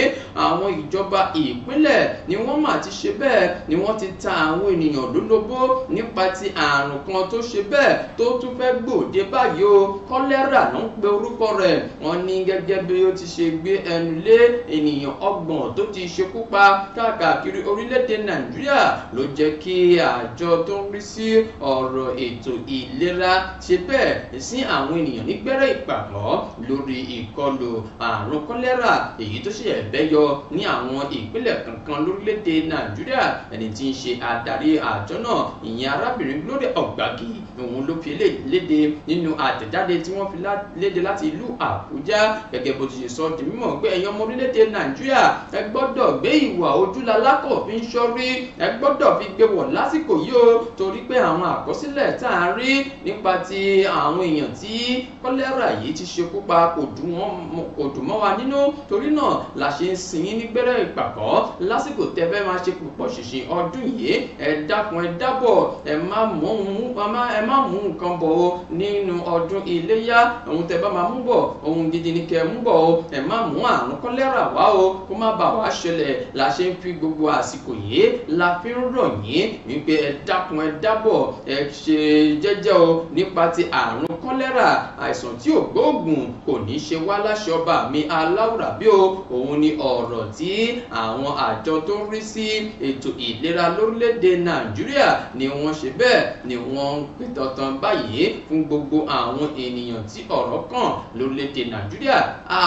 àwọn ìjọba ìpínlẹ̀ ni wọ́n mà ti ṣe bẹ́ẹ̀ ni wọ́n ti ta àwọn ènìyàn lólobó nípa ti àrùn kan tó ṣe bẹ́ẹ̀ tó tún fẹ́ gbòde báyìí o kọ́lẹ́rà ló ń pe orúkọ rẹ̀ wọ́n ní gẹ́gẹ́ bí ó ti ṣe gbé ẹnu lé ènìyàn ọgbọ̀n tó ti ṣekú pa káàkiri orílẹ̀-èdè nàìjíríà ló jẹ́ kí àjọ tó ń rí sí ọ̀rọ̀ ètò ìlera ṣe bẹ́ẹ̀ sí àwọn ènìyàn nígbẹ́rẹ́ ìpàgọ́ lórí ìkọlù àrùn kọ́lẹ́rà èyí tó ṣe ẹ̀bẹ́yọ ní àwọn ìpínlẹ̀ kankan lórílẹ̀-èdè nàìjíríà ẹni tí ń ṣe adarí àjọ náà ìyẹn arábìnrin Glory Ọ̀gbàgì òun ló fi léde nínú àtẹ̀jáde tí wọ́n fi léde láti ìlú àbújá gẹ́gẹ́ bó ti ṣe sọ di mímọ̀ pé ẹ̀yàn ọmọ orílẹ̀-èdè orílẹ̀-èdè nàìjíríà ẹ gbọ́dọ̀ gbé ìwà ojúlalákọ̀ fi ń ṣọ́rí ẹ gbọ́dọ̀ fi gbé wọ̀ lásìkò yìí o torí pé àwọn àkọsílẹ̀ tá a rí nípa ti àwọn èèyàn tí kọ́lẹ́rà yìí ti ṣekú pa kò dùn mọ́ wa nínú torí náà la ṣe ń sin yín ní gbẹ́rẹ́ ìpàkọ́ lásìkò tẹ́fẹ́ máa ṣe púpọ̀ ṣìnṣìn ọdún yìí ẹ dákun ẹ dábọ̀ ẹ má mú nǹkan bọ̀ o nínú ọdún iléyá ohun tẹ́ bá máa mú bọ̀ ohun gidi ni kẹ́ mú bọ̀ o ẹ má mú àrùn kọ́lẹ́rà wá o kó má bà wá ṣẹlẹ̀ la ṣe ń fi gbogbo àsìkò yìí la fi ń rọ̀ yín wípé ẹ dákun ẹ dábọ̀ ẹ ṣe jẹ́jẹ́ o nípa ti àrùn àrùn kọ́lẹ́rà àìsàn tí ò gbóògùn kò ní ṣe wá láṣẹ ọba mi aláwùrà bí o òun ni ọ̀rọ̀ tí àwọn àjọ tó ń rí sí ètò ìlera lórílẹ̀‐èdè nàìjíríà ni wọ́n ṣe bẹ́ẹ̀ ni wọ́n ń pè tọ̀tàn báyìí fún gbogbo àwọn ènìyàn tí ọ̀rọ̀ kàn lórílẹ̀‐èdè nàìjíríà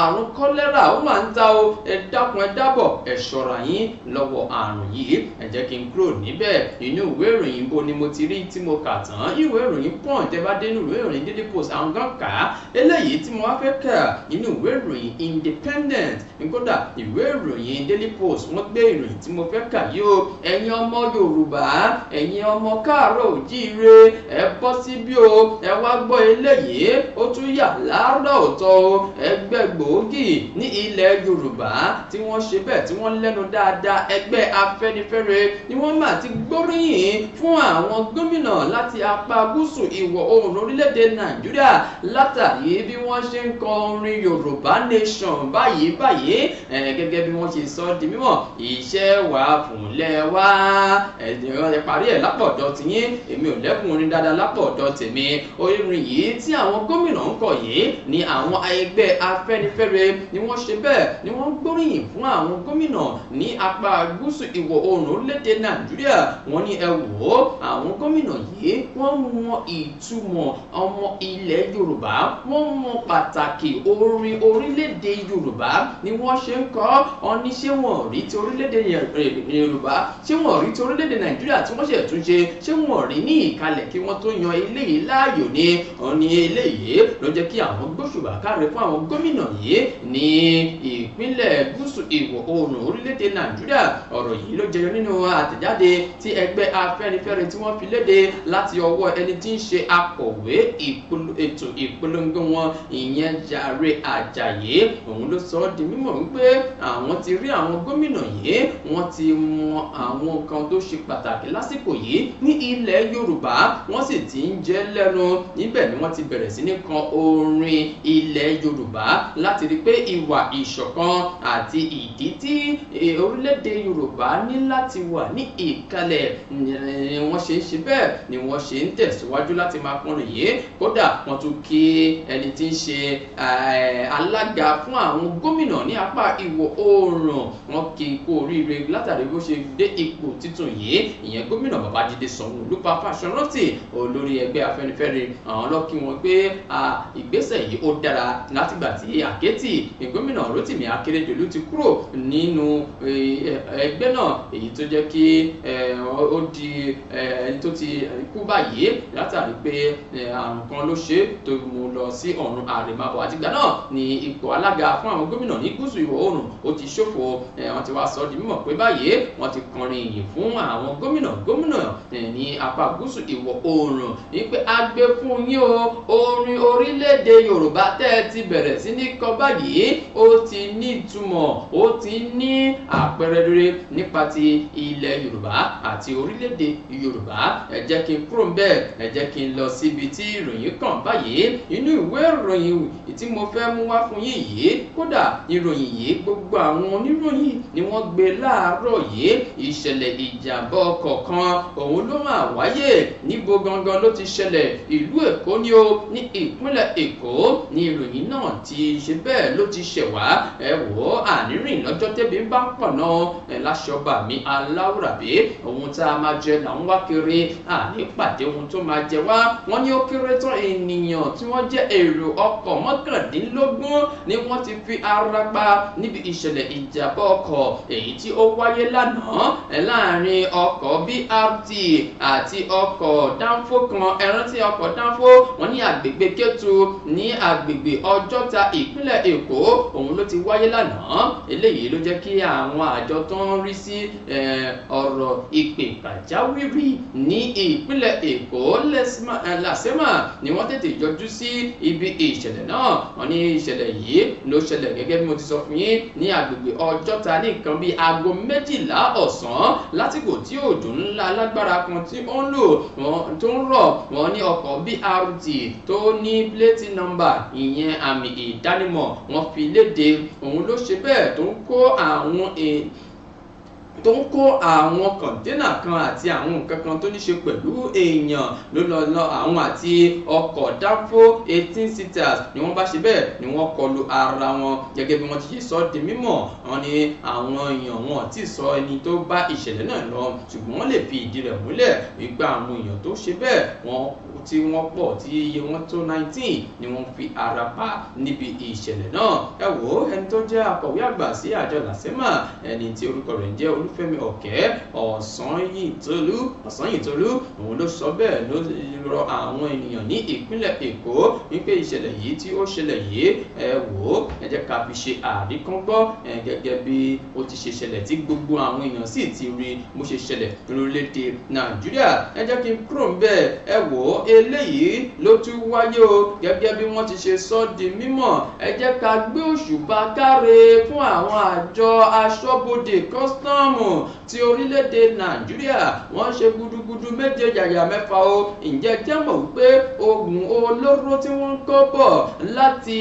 àrùn kọ́lẹ́rà ó máa ń ta o ẹ dákun ẹ dábọ̀ ẹ ṣọ́ra yín lọ́wọ́ àrùn yìí ẹ jẹ́ kí n kúrò níbẹ̀ inú ìwé ìròyìn bo ni mo ti rí tí mo kà tán ìwé ìròyìn pọ̀n tẹ́ bá dénú ìwé ìròyìn dédé Sunday Post àwọn gan kà á eléyìí tí mo wá fẹ́ kà nínú ìwé ìròyìn Independent kódà ìwé ìròyìn Daily Post wọ́n gbé ìròyìn tí mo fẹ́ kà yìí ẹ̀yin ọmọ Yorùbá ẹ̀yin ọmọ káàárọ̀ òjíire ẹ bọ́ síbí o ẹ wá gbọ́ eléyìí ó tún yà láàárọ̀ ọ̀tọ̀ o ẹgbẹ́ gbòógì ní ilẹ̀ Yorùbá tí wọ́n ṣe bẹ́ẹ̀ tí wọ́n lẹ́nu dáadáa ẹgbẹ́ Afẹ́nifẹ́re ni wọ́n mà ti gbóríyìn fún àwọn gómìnà láti apá gúúsù ìwọ̀ oòrùn orílẹ̀-èdè nàìjíríà látàrí bí wọ́n ṣe ń kọ orin yorùbá nation báyìí báyìí gẹ́gẹ́ bí wọ́n ṣe sọ di mímọ̀ iṣẹ́ wà fúnlẹ̀ wá ẹ̀dẹ̀rán ẹ parí ẹ̀ lápọ̀dọ̀ tiyín èmi ò lẹ́kùn orin dáadáa lápọ̀dọ̀ tèmi orin yìí tí àwọn gómìnà ń kọ yìí ni àwọn ẹgbẹ́ afẹ́nifẹ́re ni wọ́n ṣe bẹ́ẹ̀ ni wọ́n gbóríyìn fún àwọn gómìnà ní apá gúúsù ìwọ̀ oòrùn orílẹ̀-èdè nàìjíríà wọ́n ní ẹ wò ó àwọn gómìnà yìí wọ́n mọ ìtumọ̀ ọmọ ilẹ̀ yorùbá wọ́n mọ pàtàkì orin orílẹ̀-èdè yorùbá ni wọ́n ṣe ń kọ́ ọ́n ṣé wọ́n rí ti orílẹ̀-èdè yorùbá ṣé wọ́n rí ti orílẹ̀-èdè nàìjíríà tí wọ́n ṣe tún ṣe ṣé wọ́n rí ní ìkalẹ̀ kí wọ́n tó yan eléyìí láàyò ni wọ́n eléyìí ló jẹ́ kí àwọn gbóṣùbà káre fún àwọn gómìnà yìí ní ìpínlẹ̀ gúúsù ìwọ̀ oòrùn orílẹ̀-èdè nàìjíríà ọ̀rọ̀ yìí ló jẹyọ nínú àtẹ̀jáde tí ẹgbẹ́ afẹ́nifẹ́re tí wọ́n fi léde láti ọwọ́ ẹni tí ń ṣe akọ̀wé ìp ètò ìpolongo wọn ìyẹn Jàre Àjàyí òun ló sọ ọ́ di mímọ̀ wípé àwọn ti rí àwọn gómìnà yìí wọ́n ti mọ àwọn nǹkan tó ṣe pàtàkì lásìkò yìí ní ilẹ̀ Yorùbá wọ́n sì ti ń jẹ́ lẹ́nu níbẹ̀ ni wọ́n ti bẹ̀rẹ̀ sí ní kan orin ilẹ̀ Yorùbá láti rí pé ìwà ìṣọ̀kan àti ìdí tí e, orílẹ̀-èdè Yorùbá ní láti wà ní ìkàlẹ̀ wọ́n ṣe ń ṣe bẹ́ẹ̀ ni wọ́n ṣe ń tẹ̀síwájú láti máa kọrin yìí kó kódà wọ́n tún kí ẹni tí ń ṣe eh, alága fún àwọn gómìnà ní apá ìwọ̀ oòrùn wọ́n kí ikú oríire látàrí bó ṣe dé ipò títun yìí ìyẹn gómìnà babájídé sanwó-olú papa Fáṣọrántì olórí ẹgbẹ́ afẹ́nifẹ́re àwọn lọ́kí wọn pé ìgbésẹ̀ yìí ó dára látìgbà tí àkẹ́tì gómìnà rotimi akérèdọ́lù ti kúrò nínú eh, ẹgbẹ́ náà èyí tó jẹ́ kí eh, ó di ẹni tó ti kú báyìí látàrí pé àrùn kan nìkan ló ṣe é tó mú lọ sí ọ̀run àrèmábọ̀ àtìgbà náà ni ipò alága fún àwọn gómìnà ní gúúsù ìwọ̀ oòrùn ó ti ṣòfò wọ́n ti wá sọ di mímọ̀ pé báyìí wọ́n ti kọrin ìyìn fún àwọn gómìnà gómìnà ní apá gúúsù ìwọ̀ oòrùn ní pé a gbé fún yín o orin orílẹ̀-èdè yorùbá tẹ́ ẹ ti bẹ̀rẹ̀ sí ní kọ báyìí ó ti ní ìtumọ̀ ó ti ní àpẹẹrẹ rere nípa ti ilẹ̀ yorùbá àti orílẹ̀-èdè yorùbá ẹ jẹ́ kí n kúrò ń bẹ́ẹ̀ ẹ jẹ́ kí n lọ síbi tí ìròyìn kàn báyìí inú ìwé ìròyìn tí mo fẹ́ mú wá fún yín yìí kódà ìròyìn yìí gbogbo àwọn oníròyìn ni wọ́n gbé láàárọ̀ yìí ìṣẹ̀lẹ̀ ìjàmbá ọkọ̀ kan òun ló máa wáyé níbo gangan ló ti ṣẹlẹ̀ ìlú èkó ni ó ní ìpínlẹ̀ èkó ni ìròyìn náà ti ṣe bẹ́ẹ̀ ló ti ṣẹ̀ wá ẹ wò ó ànírìn lọ́jọ́ tẹ́bi bá ń pọ̀ náà ẹ láṣọba mi aláwùràbí ohun tá a máa jẹ là wá kiri àní pàdé ohun tó máa jẹ wá wọ́n ní ó kéré tán ènìyàn tí wọ́n jẹ́ èrò ọkọ̀ mọ́kàndínlógún ni wọ́n ti fi ara pa níbi ìṣẹ̀lẹ̀ ìjàmbá ọkọ̀ èyí tí ó wáyé lánàá láàrin ọkọ̀ BRT àti ọkọ̀ dánfó kan ẹrántí ọkọ̀ dánfó wọn ní àgbègbè Kétu ní àgbègbè Ọjọ́ta ìpínlẹ̀ Èkó òun ló ti wáyé lánàá eléyìí ló jẹ́ kí àwọn àjọ tó ń rí sí ọ̀rọ̀ ìpè pàjáwìrì ní ìpínlẹ̀ Èkó lásìmọ̀ ni wọ́n tètè yọjú sí ibi ìṣẹ̀lẹ̀ náà wọ́n ní ìṣẹ̀lẹ̀ yìí ló ṣẹlẹ̀ gẹ́gẹ́ bí mo ti sọ fún yín ní agbègbè ọjọ́ta ní nǹkan bíi aago méjìlá ọ̀sán lásìkò tí òjò ńlá alágbára kan tí ó ń lò tó ń rọ̀ wọ́n ní ọkọ̀ BRT tó ní pléètì nọ́mbà ìyẹn àmì ìdánimọ̀ wọ́n fi léde òun ló ṣe bẹ́ẹ̀ tó ń kó àwọn èèyàn tó ń kó àwọn kọ̀ńténà kan àti àwọn nǹkan kan tó ní ṣe pẹ̀lú èèyàn ló lọ lọ àwọn àti ọkọ̀ dáfó eighteen seaters ni wọ́n bá ṣe bẹ́ẹ̀ ni wọ́n kọlu ara wọn gẹ́gẹ́ bí wọ́n ti ṣe sọ di mímọ̀ wọn ni àwọn èèyàn wọn ti sọ ẹni tó bá ìṣẹ̀lẹ̀ náà lọ ṣùgbọ́n wọ́n lè fi ìdí rẹ̀ múlẹ̀ wípé àwọn èèyàn tó ṣe bẹ́ẹ̀ wọ́n tí wọ́n pọ̀ tí iye wọn tó nineteen ni wọ́n fi ara pa níbi ìṣẹ̀lẹ̀ náà ẹ wò ó ẹni tó jẹ́ akọ̀wé àgbà sí àjọ làsẹ́mà ẹni tí orúkọ rẹ̀ ń jẹ́ olúfẹ́mi ọ̀kẹ́ ọ̀sányìntolú ọ̀sányìntolú òun ló sọ bẹ́ẹ̀ ló rọ àwọn ènìyàn ní ìpínlẹ̀ èkó wípé ìṣẹ̀lẹ̀ yìí tí ó ṣẹlẹ̀ yìí ẹ wò ó ẹ jẹ́ ká fi ṣe àríkọ́ngbọ́ gẹ́gẹ́ bí ó ti ṣe ṣẹlẹ̀ tí gbogbo àwọn èèyàn sì ti rí mo ṣe ṣẹlẹ̀ lórílẹ̀‐èdè nàìjíríà ẹ jẹ́ kí n kúrò ń bẹ́ẹ̀ ẹ wò ó eléyìí ló tún wáyé o gẹ́gẹ́ bí wọ́n ti ṣe sọ di mímọ̀ ẹ jẹ́ ká gbé òṣùbà káre fún àwọn àjọ aṣọ́bodè kọ́sítọ́ọ̀mù ti orílẹ̀-èdè nàìjíríà wọ́n ṣe gudugudu méje yàyà mẹ́fà o ǹjẹ́ jẹ́ mọ̀ wípé oògùn olóró tí wọ́n ń kó bọ̀ láti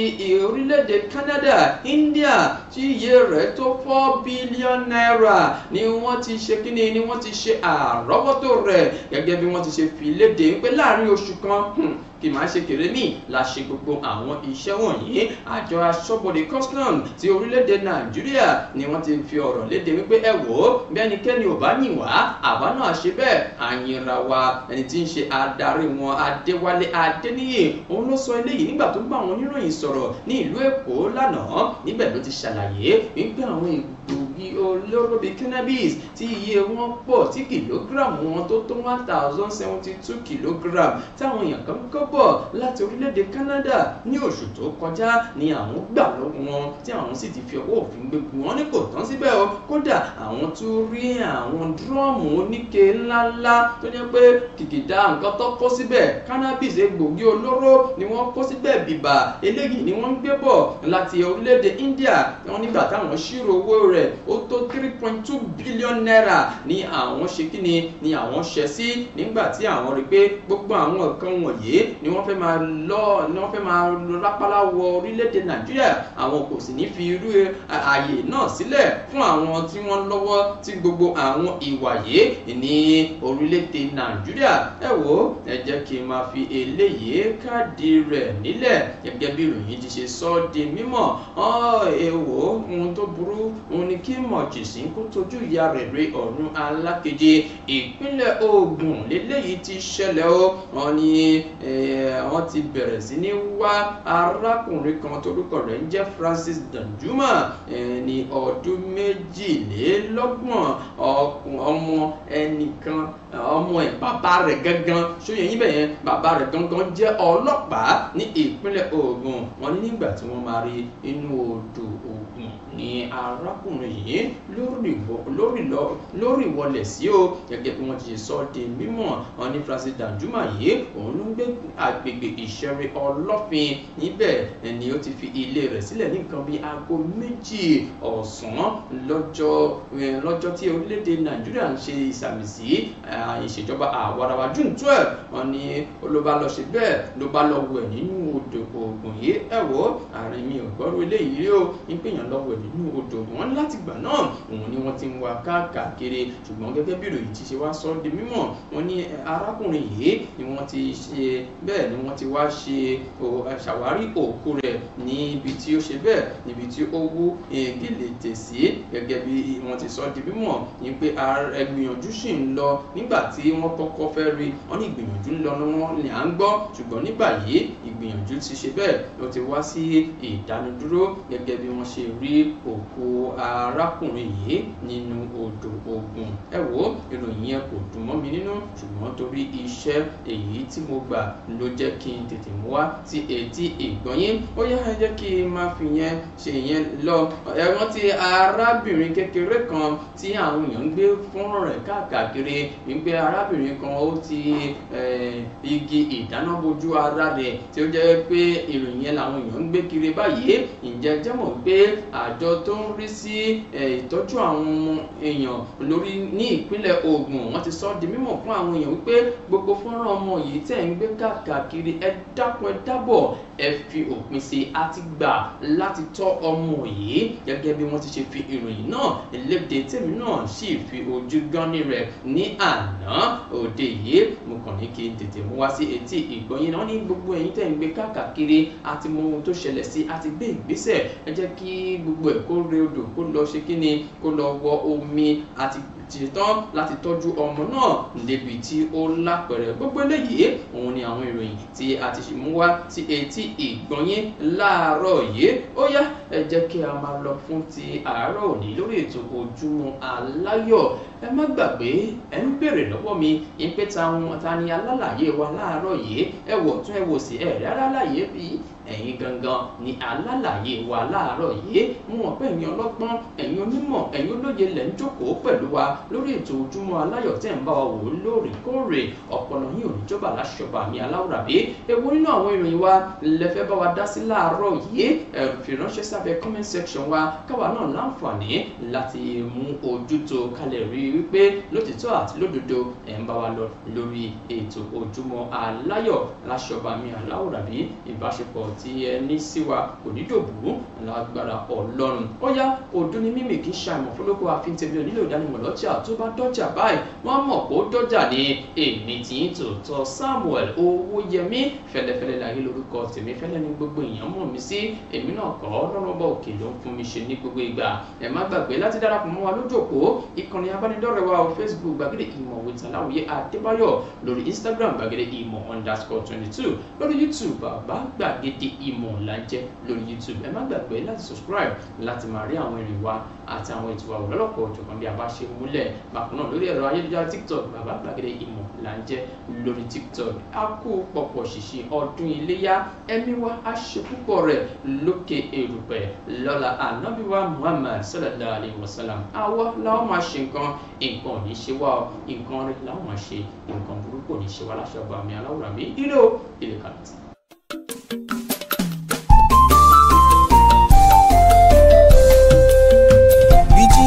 orílẹ̀-èdè Canada India tí iye rẹ̀ tó four billion naira ni wọ́n ti ṣe kíni ni wọ́n ti ṣe àrọ́wọ́tò rẹ̀ gẹ́gẹ́ bí wọ́n ti ṣe fi léde pé láàrin oṣù You kan hmm. kì máa ṣe kéré míì la ṣe gbogbo àwọn iṣẹ́ wọ̀nyí àjọ aṣọ́bodè custom ti orílẹ̀-èdè nàìjíríà ni wọ́n ti fi ọ̀rọ̀ léde wípé ẹ wò ó bí ẹnikẹ́ni ò bá yìn wá àbá náà ṣe bẹ́ẹ̀ àyìnra wa ẹni tí ń ṣe adarí wọn adéwálé adéníyè òun ló sọ eléyìí nígbà tó ń bá àwọn oníròyìn sọ̀rọ̀ ní ìlú èkó lánàá níbẹ̀ ló ti ṣàlàyé wípé àwọn egbògi olóró bíi cannabis tí iye wọn pọ̀ tí kìlógíráàmù wọn tó tó one thousand seventy two kìlógíráàmù táwọn èèyàn kan kọ́ bọ̀ láti orílẹ̀-èdè Canada ní oṣù tó kọjá ni àwọn gbà lọ́wọ́ wọn tí àwọn sì ti fi ọwọ́ òfin gbégbó wọn ní kò tán síbẹ̀ o kódà àwọn tún rí àwọn dúrọ́ọ̀mù oníke ńláńlá tó jẹ́ pé kìkìdá nǹkan tó kó síbẹ̀ cannabis egbògi olóró ni wọ́n kó síbẹ̀ bìbà eléyìí ni wọ́n ń gbé bọ̀ láti orílẹ̀-èdè India wọn nígbà táwọn ṣírò owó rẹ̀ ó tó three point two billion naira ni àwọn ṣe kíni ni àwọn ṣẹ sí nígbà tí àwọn ni wọ́n fẹ́ máa lọ ni wọ́n fẹ́ máa lápálá wọ orílẹ̀-èdè nàìjíríà àwọn kò sì ní fi irú ààyè náà sílẹ̀ fún àwọn tí wọ́n lọ́wọ́ tí gbogbo àwọn ìwà yìí ní orílẹ̀-èdè nàìjíríà ẹ wò ẹ jẹ́ kí n máa fi eléyìí káàdì rẹ̀ nílẹ̀ gẹ́gẹ́ bí ìròyìn ti ṣe sọ ọ́ di mímọ̀ ẹ wò ohun tó burú òun ni kí mọ̀jìsín kó tójú ìyá rẹ̀ rí ọ̀run alákeje ìpínlẹ̀ Ògùn lélẹ́yìí ti ṣẹlẹ̀ ó wọn ni wọ́n ti bẹ̀rẹ̀ sí ní wá arákùnrin kan torúkọ rẹ̀ ń jẹ́ Francis Danjuma ẹni ọdún méjìlélọ́gbọ̀n ọmọ ẹnìkan ọmọ ẹ̀ bàbá rẹ̀ gangan sóyè yín bẹ̀yẹn bàbá rẹ̀ gangan jẹ́ ọlọ́pàá ní ìpínlẹ̀ Ògùn wọn nígbà tí wọ́n máa rí inú odò Ògùn ni arákùnrin yìí lórí ìwọlẹ̀ sí o gẹ́gẹ́ bí wọ́n ti ṣe sọ di mímọ̀ wọn ní Francis Danjuma yìí òun ló ń gbé agbègbè ìṣẹ̀rẹ̀ ọlọ́fin níbẹ̀ ni ó ti fi ilé rẹ̀ sílẹ̀ ní nǹkan bíi aago méjì ọ̀sán lọ́jọ́ tí orílẹ̀-èdè Nàìjíríà ń ṣe ìsàmì sí ìṣèjọba àwarawa June twelve wọn ni ló bá lọ ṣe bẹ́ẹ̀ ló bá lọ wẹ̀ nínú odò ògùn yìí ẹ̀wọ̀ àárín mi ò gbọ́rú eléyìí o ń nínú odò wọn látìgbà náà òun ni wọ́n ti ń wá káàkiri ṣùgbọ́n gẹ́gẹ́ bí ìròyìn ti ṣe wá sọ di mímọ̀ wọ́n ní arákùnrin yìí ni wọ́n ti ṣe bẹ́ẹ̀ ni wọ́n ti wá ṣe ṣàwárí òkú rẹ̀ ní ibi tí ó ṣe bẹ́ẹ̀ níbi tí ó wú gèlè tèsí gẹ́gẹ́ bí wọ́n ti sọ di mímọ̀ ni pé ìgbìyànjú sì ń lọ nígbà tí wọ́n kọ́kọ́ fẹ́ rí wọ́n ní ìgbìyànjú ń lọ ní wọ́n ní à ń gbọ́ ṣùgbọ́n ní báyìí ìgbìyànjú ti ṣe bẹ́ẹ̀ ló ti wá sí ìdánudúró gẹ́gẹ́ bí wọ́n ṣe rí òkú arákùnrin yìí nínú odò Ògùn ẹ wo ìròyìn yẹn kò dùn mọ́ mi nínú ṣùgbọ́n torí iṣẹ́ èyí tí mo gbà ló jẹ́ kí n tètè mú wá sí etí ìgbọ̀nyín ó yẹ ẹ jẹ́ kí n máa fi yẹn ṣe yẹn lọ ẹ rántí arábìnrin kékeré kan tí àwọn èèyàn ń gbé fọ́nrán rẹ̀ káàkiri wípé arábìnrin kan ó ti igi ìdáná bojú ara rẹ̀ tí ó jẹ́ pé ìròyìn yẹn làwọn èèyàn ń gbé kiri báyìí ǹjẹ́ mọ̀ pé àjọ àjọ tó ń rí sí ìtọ́jú àwọn ọmọ èèyàn lórí ní ìpínlẹ̀ Ògùn wọ́n ti sọ di mímọ̀ fún àwọn èèyàn wípé gbogbo fọ́nrán ọmọ yìí tẹ̀ ń gbé káàkiri ẹ dákun ẹ dábọ̀ ẹ fi òpin sí i àti gbà láti tọ́ ọmọ yìí gẹ́gẹ́ bí wọ́n ti ṣe fi ìròyìn náà léde tèmi náà sì fi ojú gánni rẹ̀ ní àná òde yìí mo kàn ní kí n tètè mú wá sí etí ìgbọ̀nyìn náà ní gbogbo ẹ̀yin tẹ̀ ń gbé káàkiri àti mọ ohun tó ṣẹlẹ̀ sí àti gbé ìgbésẹ̀ ẹ jẹ́ kí gbogbo wẹ̀ kó re odò kó lọ ṣe kí ni kó lọ wọ omi àti ṣetán láti tọ́jú ọmọ náà débi tí ó lápẹ̀rẹ̀ gbogbo eléyìí òun ni àwọn ìròyìn tí a ti mú wá sí etí ìgbọ̀nyín láàárọ̀ yìí ó yá ẹ jẹ́ kí a máa lọ fún ti àárọ̀ òní lórí ètò ojúmọ́ aláyọ̀ ẹ má gbàgbé ẹ ń béèrè lọ́wọ́ mi ń pé ta ni alálàyé wa láàárọ̀ yìí ẹ wọ̀ tún ẹ wò sí ẹ rárá láyé bíi ẹ̀yin gangan ni alálàyé wa láàárọ̀ yìí mú wọn ẹ̀yin ọlọ́gbọ́n ẹ̀yin onímọ̀ ẹ̀yin olóye lẹ̀ ń jókòó pẹ̀lú wa lórí ètò ojúmọ́ aláyọ̀ tẹ̀ ń bá wa wò lóòrèkóòrè ọpọlọ yín ò ní jọba láṣọba mi aláwùrábí èwo nínú àwọn ìròyìn wa lẹ́fẹ́ bá wa dá sí láàárọ̀ yìí ẹ fi sábẹ́ comment section wa káwa náà láǹfààní láti mú ojútó kalẹ̀ rí wípé lótìtọ́ àti lódodo ẹ̀ ń bá wa lọ lórí ètò ojúmọ́ aláyọ̀ láṣọba mi aláwùrábí ìbáṣepọ̀ ìwòsàn tí ẹ ní sí wa kò ní dòbú lágbára ọlọ́run ó yá ọdún ní mímì kì í ṣàìmọ̀ fọlọ́kọ àfin tẹ̀lé onílò ìdánimọ̀ lọ́jà tó bá dọ́jà báyìí wọ́n mọ̀ pé ó dọ́jà ní èmi tí ń tòótọ́ Samuel Owóyẹmí fẹlẹfẹlẹ láyé lórúkọ tèmi fẹlẹ ní gbogbo èèyàn mọ̀ mí sí èmi náà kọ́ lọ́rùn ọba òkè ló ń fún mi ṣe ní gbogbo ìgbà ẹ má gbàgbé láti darapọ̀ mọ́ wa lójú òpó ìkànnì abánidọ́rẹ̀ẹ́ wa o Facebook gbàgede ìmọ̀ òwe tàláwìyé Adébáyọ̀ lórí Instagram gbàgede twenty two lórí YouTube bàbá gbàgede gé ìmọ̀ọ́lá jẹ́ lórí youtube ẹ má gbàgbé láti subscribe láti máa rí àwọn ìrìn wa àti àwọn ètò wa lọ́lọ́pọ̀ ọ̀jọ̀kan bí a bá ṣe múlẹ̀ bákan náà lórí ẹ̀rọ ayélujára tiktok bàbá gbàgede ìmọ̀ là ń jẹ́ lórí tiktok a kú pọ̀pọ̀ ṣìṣì ọdún iléyá ẹ̀mí wa a ṣe púpọ̀ rẹ̀ lókè èrùpẹ̀ lọ́la ànábíwá muhammad sallallahu alayhi wa sallam àwa làwọn máa ṣe nǹkan nǹkan ò ní ṣe wá ọ nǹkan rẹ làwọn máa ṣe nǹkan burúkú ò ní ṣe wá láṣọ àbàmì aláwòrán mi ilé o ilé kàlùtì.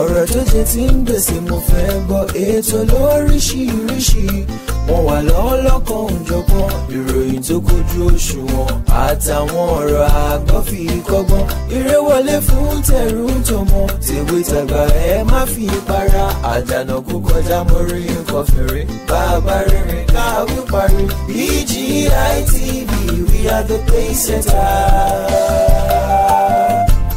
ọ̀rọ̀ tó jẹ ti ń gbèsè mo fẹ́ gbọ́ ètò lóríṣiríṣi wọ́n wà lọ́wọ́ lọ́kàn òjọ̀gbọ́n ìròyìn tó kojú òṣùwọ̀n àtàwọn ọ̀rọ̀ àgbọ̀fì kọ́gbọ́n eré wọlé fún tẹ̀rù tọmọ tèwe tàgbà ẹ má fi para àdànà kú kọjá mọ́rí nǹkan fèrè bàbá rìnrìn káwí parí BGI e TV we are the pace setter